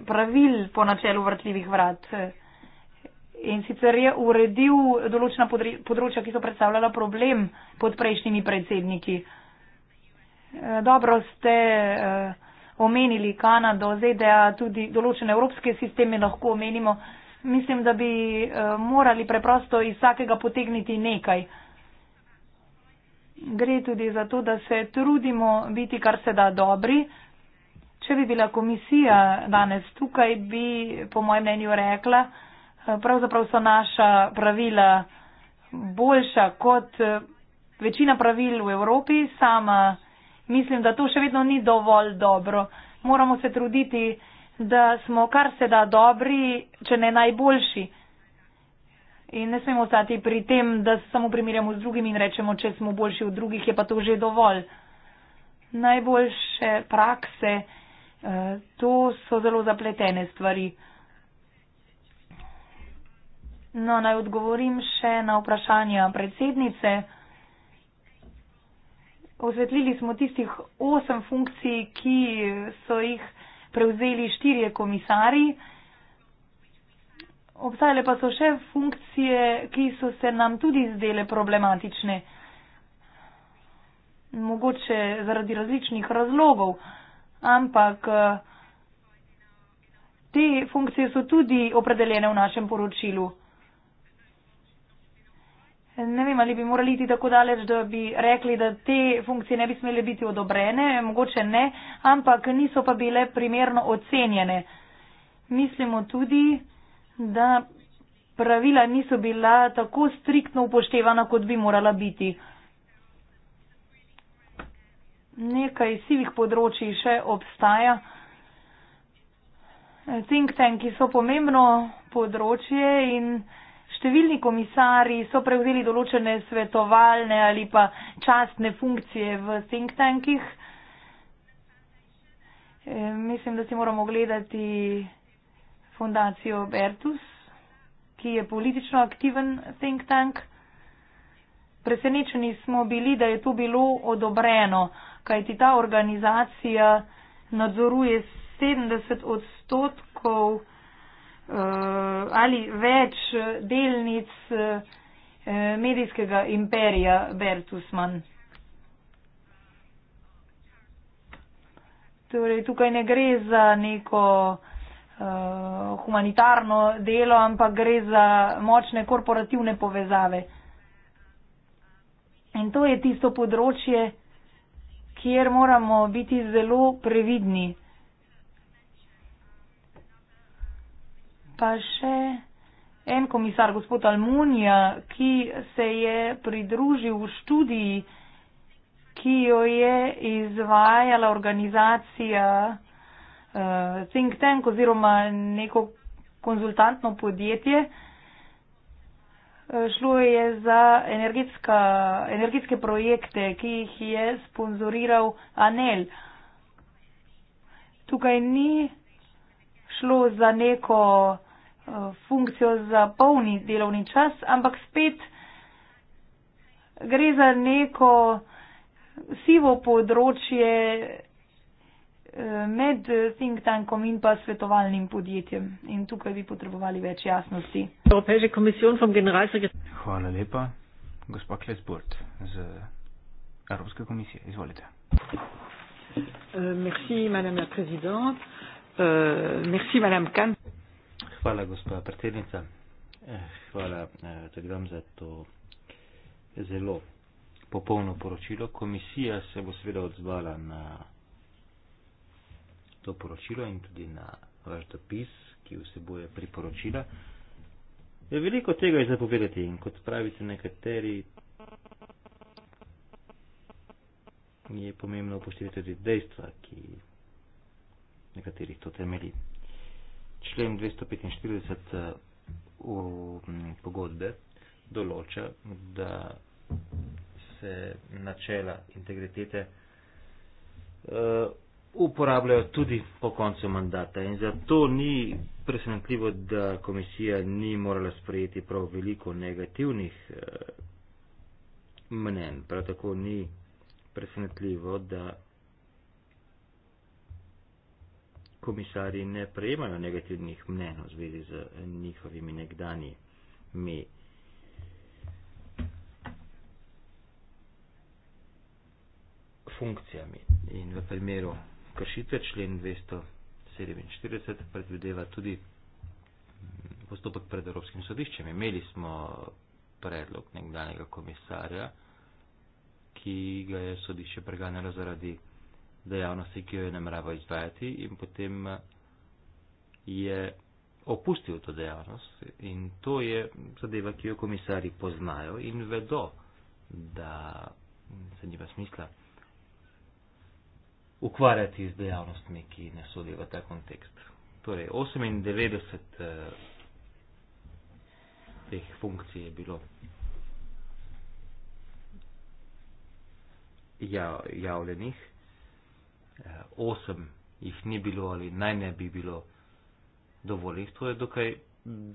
pravil po načelu vrtljivih vrat. In sicer je uredil določena področja, ki so predstavljala problem pod prejšnjimi predsedniki. Eh, dobro ste eh, omenili Kanado, ZDA, tudi določene evropske sisteme lahko omenimo mislim, da bi eh, morali preprosto iz vsakega potegniti nekaj. Gre tudi za to, da se trudimo biti kar se da dobri. Če bi bila komisija danes tukaj, bi po mojem mnenju rekla, eh, pravzaprav so naša pravila boljša kot eh, večina pravil v Evropi, sama mislim, da to še vedno ni dovolj dobro. Moramo se truditi, da smo kar se da dobri, če ne najboljši. In ne smemo ostati pri tem, da se samo primerjamo z drugimi in rečemo, če smo boljši od drugih, je pa to že dovolj. Najboljše prakse, eh, to so zelo zapletene stvari. No, naj odgovorim še na vprašanja predsednice. Osvetlili smo tistih osem funkcij, ki so jih prevzeli štirje komisari. Obstajale pa so še funkcije, ki so se nam tudi zdele problematične. Mogoče zaradi različnih razlogov, ampak eh, te funkcije so tudi opredeljene v našem poročilu. Ne vem, ali bi morali iti tako daleč, da bi rekli, da te funkcije ne bi smele biti odobrene, mogoče ne, ampak niso pa bile primerno ocenjene. Mislimo tudi, da pravila niso bila tako striktno upoštevana, kot bi morala biti. Nekaj sivih področji še obstaja. Think tanki so pomembno področje in. Številni komisari so prevzeli določene svetovalne ali pa častne funkcije v think tankih. E, mislim, da si moramo gledati fundacijo Bertus, ki je politično aktiven think tank. Presenečeni smo bili, da je to bilo odobreno, kajti ta organizacija nadzoruje 70 odstotkov Eh, ali več delnic eh, medijskega imperija Bertusman. Torej, tukaj ne gre za neko eh, humanitarno delo, ampak gre za močne korporativne povezave. In to je tisto področje, kjer moramo biti zelo previdni. pa še en komisar, gospod Almunija, ki se je pridružil v študiji, ki jo je izvajala organizacija uh, Think Tank oziroma neko konzultantno podjetje. Eh, šlo je za energetske projekte, ki jih je sponzoriral Anel. Tukaj ni šlo za neko funkcijo za polni delovni čas, ampak spet gre za neko sivo področje eh, med think tankom in pa svetovalnim podjetjem. In tukaj bi potrebovali več jasnosti. Hvala lepa, gospod Klesburt z Evropske komisije. Izvolite. Uh, merci, madame la présidente. Uh, merci, madame Kahn. Hvala, gospod predsednica. Eh, hvala eh, tudi vam za to zelo popolno poročilo. Komisija se bo seveda odzvala na to poročilo in tudi na vaš dopis, ki vseboje priporočila. Ja, veliko tega je zapovedati in kot pravite nekateri, je pomembno upoštevati tudi dejstva, ki nekaterih to temelji člen 245 v eh, pogodbe določa, da se načela integritete eh, uporabljajo tudi po koncu mandata. In zato ni presenetljivo, da komisija ni morala sprejeti prav veliko negativnih eh, mnen. Prav tako ni presenetljivo, da komisari ne prejemajo negativnih mnen v zvezi z njihovimi nekdanjimi. funkcijami. In v primeru kršitve člen 247 predvideva tudi postopek pred Evropskim sodiščem. Imeli smo predlog nekdanjega komisarja, ki ga je sodišče preganjalo zaradi dejavnosti, ki jo je namerava izvajati in potem eh, je opustil to dejavnost in to je zadeva, ki jo komisari poznajo in vedo, da se nima smisla ukvarjati z dejavnostmi, ki ne sodijo v ta kontekst. Torej, 98 eh, teh funkcij je bilo ja, javljenih. Eh, osem jih ni bilo ali naj ne bi bilo dovolj. To je dokaj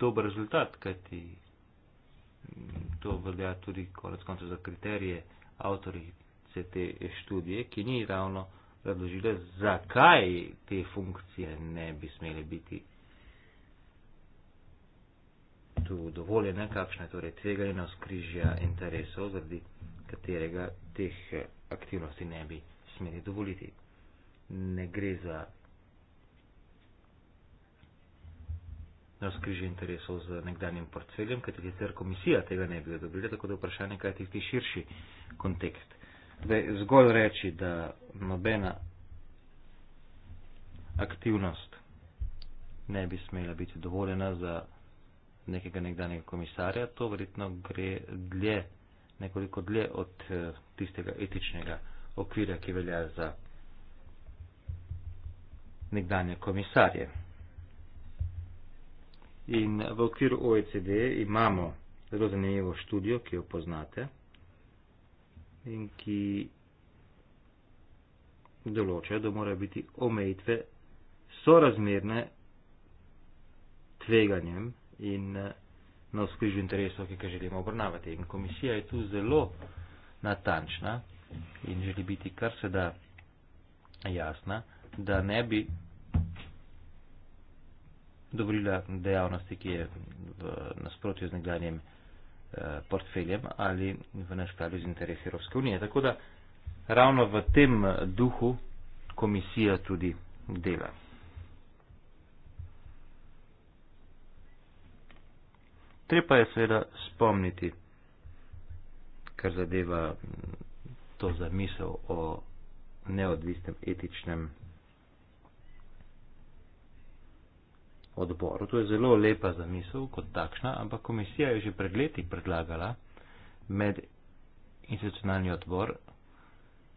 dober rezultat, kajti mm, to velja tudi konec konca za kriterije avtorice te študije, ki ni ravno razložila, zakaj te funkcije ne bi smele biti tu dovoljene, kakšna je torej tveganja skrižja interesov, zaradi katerega teh eh, aktivnosti ne bi smeli dovoliti ne gre za razkrižje interesov z nekdanjim portfeljem, ker je sicer komisija tega ne bi odobrila, tako da je vprašanje, kaj je tisti širši kontekst. Zdaj, zgolj reči, da nobena aktivnost ne bi smela biti dovoljena za nekega nekdanjega komisarja, to verjetno gre dlje, nekoliko dlje od eh, tistega etičnega okvira, ki velja za nekdanje komisarje. In v okviru OECD imamo zelo zanimivo študijo, ki jo poznate in ki določa, da morajo biti omejitve sorazmerne tveganjem in eh, na vzkrižju interesov, ki ga želimo obravnavati. In komisija je tu zelo natančna in želi biti kar se da jasna da ne bi dovolila dejavnosti, ki je v nasprotju z nekdanjem eh, portfeljem ali v neškalju z interesi Evropske unije. Tako da ravno v tem eh, duhu komisija tudi dela. Treba je seveda spomniti, kar zadeva mm, to zamisel o neodvisnem etičnem odboru. To je zelo lepa zamisel kot takšna, ampak komisija je že pred leti predlagala med institucionalni odbor,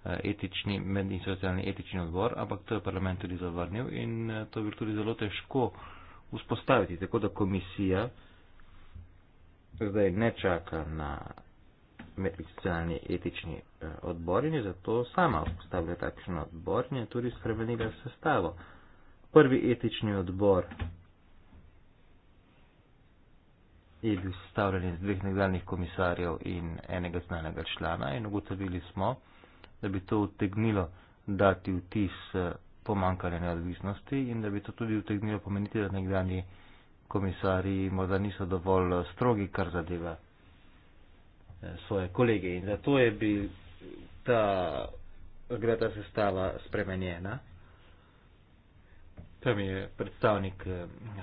eh, etični, med institucionalni etični odbor, ampak to je parlament tudi zavrnil in eh, to bi tudi zelo težko vzpostaviti. Tako da komisija zdaj ne čaka na medicinalni etični eh, odbor in je zato sama postavila takšen odbor in je tudi spremenila sestavo. Prvi etični odbor je bil sestavljen iz dveh nekdaljnih komisarjev in enega znanega člana in ugotovili smo, da bi to utegnilo dati vtis eh, pomankanja neodvisnosti in da bi to tudi utegnilo pomeniti, da nekdani komisarji morda niso dovolj eh, strogi, kar zadeva eh, svoje kolege. In zato je bil ta greta sestava spremenjena. Tam je predstavnik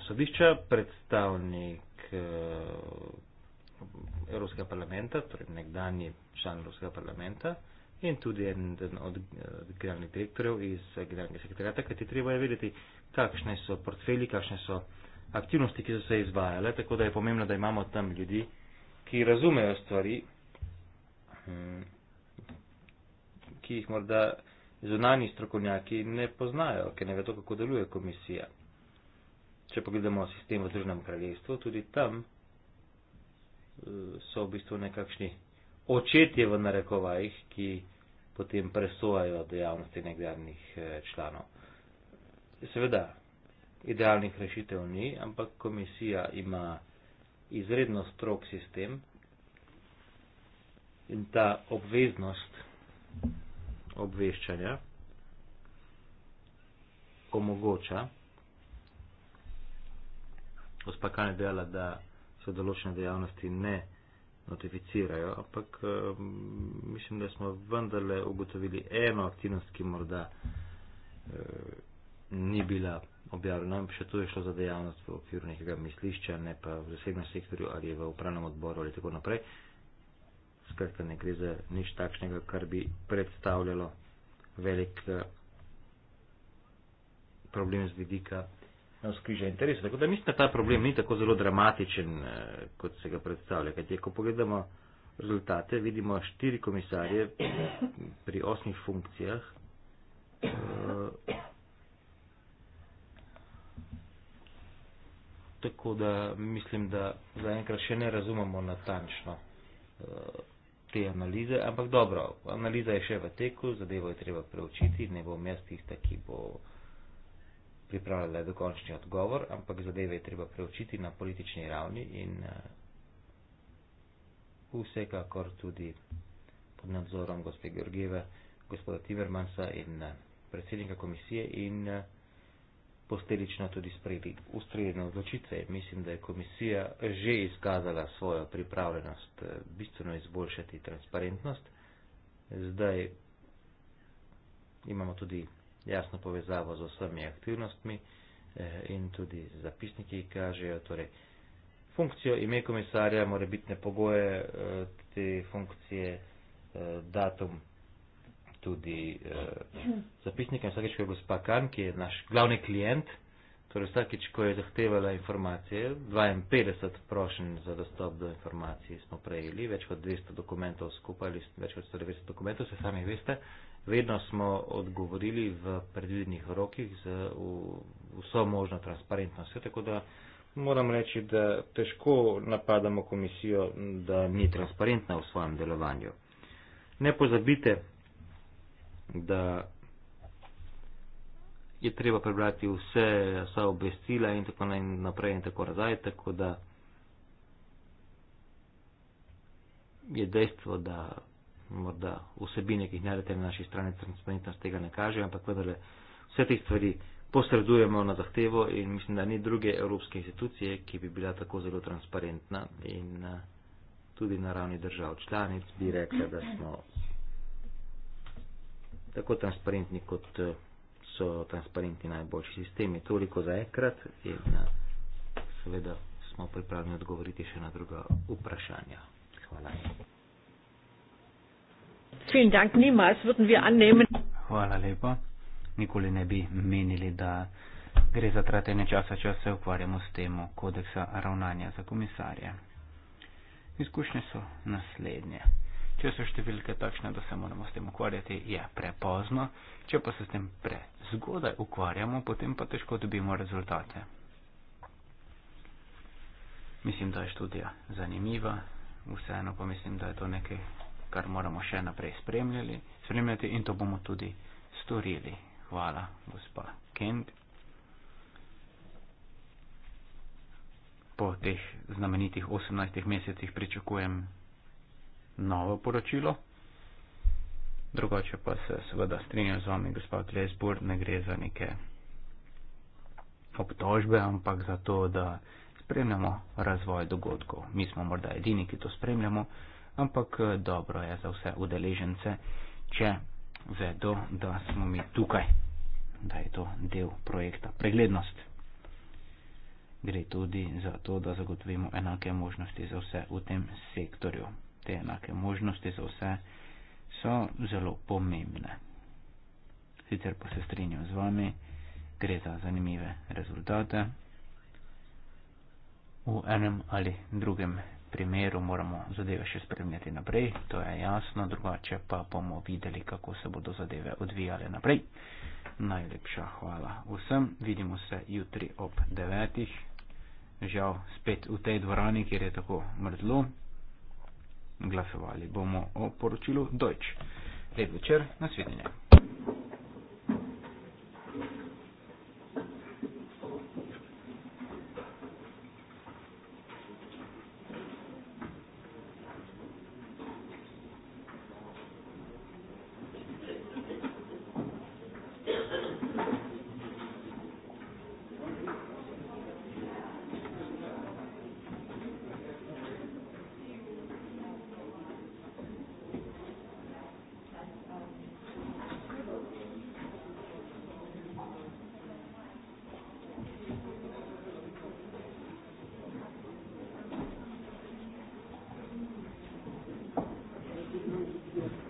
sodišča, predstavnik Eh, Evropskega parlamenta, torej nekdani član Evropskega parlamenta in tudi eden od eh, generalnih direktorjev iz eh, generalnega sekretarjata, kajti treba je vedeti, kakšne so portfeli, kakšne so aktivnosti, ki so se izvajale, tako da je pomembno, da imamo tam ljudi, ki razumejo stvari, hm, ki jih morda zunani strokovnjaki ne poznajo, ker ne vedo, kako deluje komisija če pogledamo sistem v Združenem kraljestvu, tudi tam eh, so v bistvu nekakšni očetje v narekovajih, ki potem presojajo dejavnosti nekdanjih eh, članov. Seveda, idealnih rešitev ni, ampak komisija ima izredno strok sistem in ta obveznost obveščanja omogoča, gospa Kane dejala, da se določene dejavnosti ne notificirajo, ampak eh, mislim, da smo vendarle ugotovili eno aktivnost, ki morda eh, ni bila objavljena, še to je šlo za dejavnost v okviru nekega mislišča, ne pa v zasebnem sektorju ali v upravnem odboru ali tako naprej. Skratka, ne gre za nič takšnega, kar bi predstavljalo velik eh, problem z vidika navzkriža interesov. Tako da mislim, da ta problem ni tako zelo dramatičen, eh, kot se ga predstavlja. Kajti, ko pogledamo rezultate, vidimo štiri komisarje pri osmih funkcijah. Eh, tako da mislim, da zaenkrat še ne razumemo natančno eh, te analize, ampak dobro, analiza je še v teku, zadevo je treba preučiti, ne bo mest tista, ki bo pripravljale dokončni odgovor, ampak zadeve je treba preučiti na politični ravni in eh, vsekakor tudi pod nadzorom gospe Georgijeve, gospoda Timmermansa in eh, predsednika komisije in eh, posteljično tudi sprejeli ustrezne odločitve. Mislim, da je komisija že izkazala svojo pripravljenost bistveno izboljšati transparentnost. Zdaj imamo tudi jasno povezavo z vsemi aktivnostmi eh, in tudi zapisniki kažejo, torej funkcijo ime komisarja, more bitne pogoje eh, te funkcije, eh, datum tudi zapisnika in vsakeč, ko je gospa Kan, ki je naš glavni klient, torej vsakeč, ko je zahtevala informacije, 52 prošen za dostop do informacij smo prejeli, več kot 200 dokumentov skupaj, več kot 120 dokumentov, se sami veste, Vedno smo odgovorili v predvidenih rokih z vso možno transparentnostjo, tako da moram reči, da težko napadamo komisijo, da ni transparentna v svojem delovanju. Ne pozabite, da je treba prebrati vse, vsa obvestila in tako naprej in tako nazaj, tako da je dejstvo, da morda vsebine, ki jih najdete na naši strani, transparentnost tega ne kaže, ampak vendarle vse te stvari posredujemo na zahtevo in mislim, da ni druge evropske institucije, ki bi bila tako zelo transparentna in eh, tudi na ravni držav članic bi rekla, da smo tako transparentni, kot eh, so transparentni najboljši sistemi. Toliko za enkrat in eh, seveda smo pripravljeni odgovoriti še na druga vprašanja. Hvala. Lepo. Vielen Dank, niemals würden wir annehmen. Hvala lepa. Nikoli ne bi menili, da gre za tratenje časa, če se ukvarjamo s temo kodeksa ravnanja za komisarje. Izkušnje so naslednje. Če so številke takšne, da se moramo s tem ukvarjati, je prepozno. Če pa se s tem prezgodaj ukvarjamo, potem pa težko dobimo rezultate. Mislim, da je študija zanimiva, vseeno pa mislim, da je to nekaj kar moramo še naprej spremljali, spremljati in to bomo tudi storili. Hvala, gospa Kent. Po teh znamenitih 18 mesecih pričakujem novo poročilo. Drugače pa se seveda strinjam z vami, gospa Klesbur, ne gre za neke obtožbe, ampak za to, da spremljamo razvoj dogodkov. Mi smo morda edini, ki to spremljamo ampak eh, dobro je za vse udeležence, če vedo, da smo mi tukaj, da je to del projekta. Preglednost. Gre tudi za to, da zagotovimo enake možnosti za vse v tem sektorju. Te enake možnosti za vse so zelo pomembne. Sicer pa se strinjam z vami, gre za zanimive rezultate v enem ali drugem primeru moramo zadeve še spremljati naprej, to je jasno, drugače pa bomo videli, kako se bodo zadeve odvijale naprej. Najlepša hvala vsem, vidimo se jutri ob devetih, žal spet v tej dvorani, kjer je tako mrzlo, glasovali bomo o poročilu Deutsch. Lep večer, naslednje.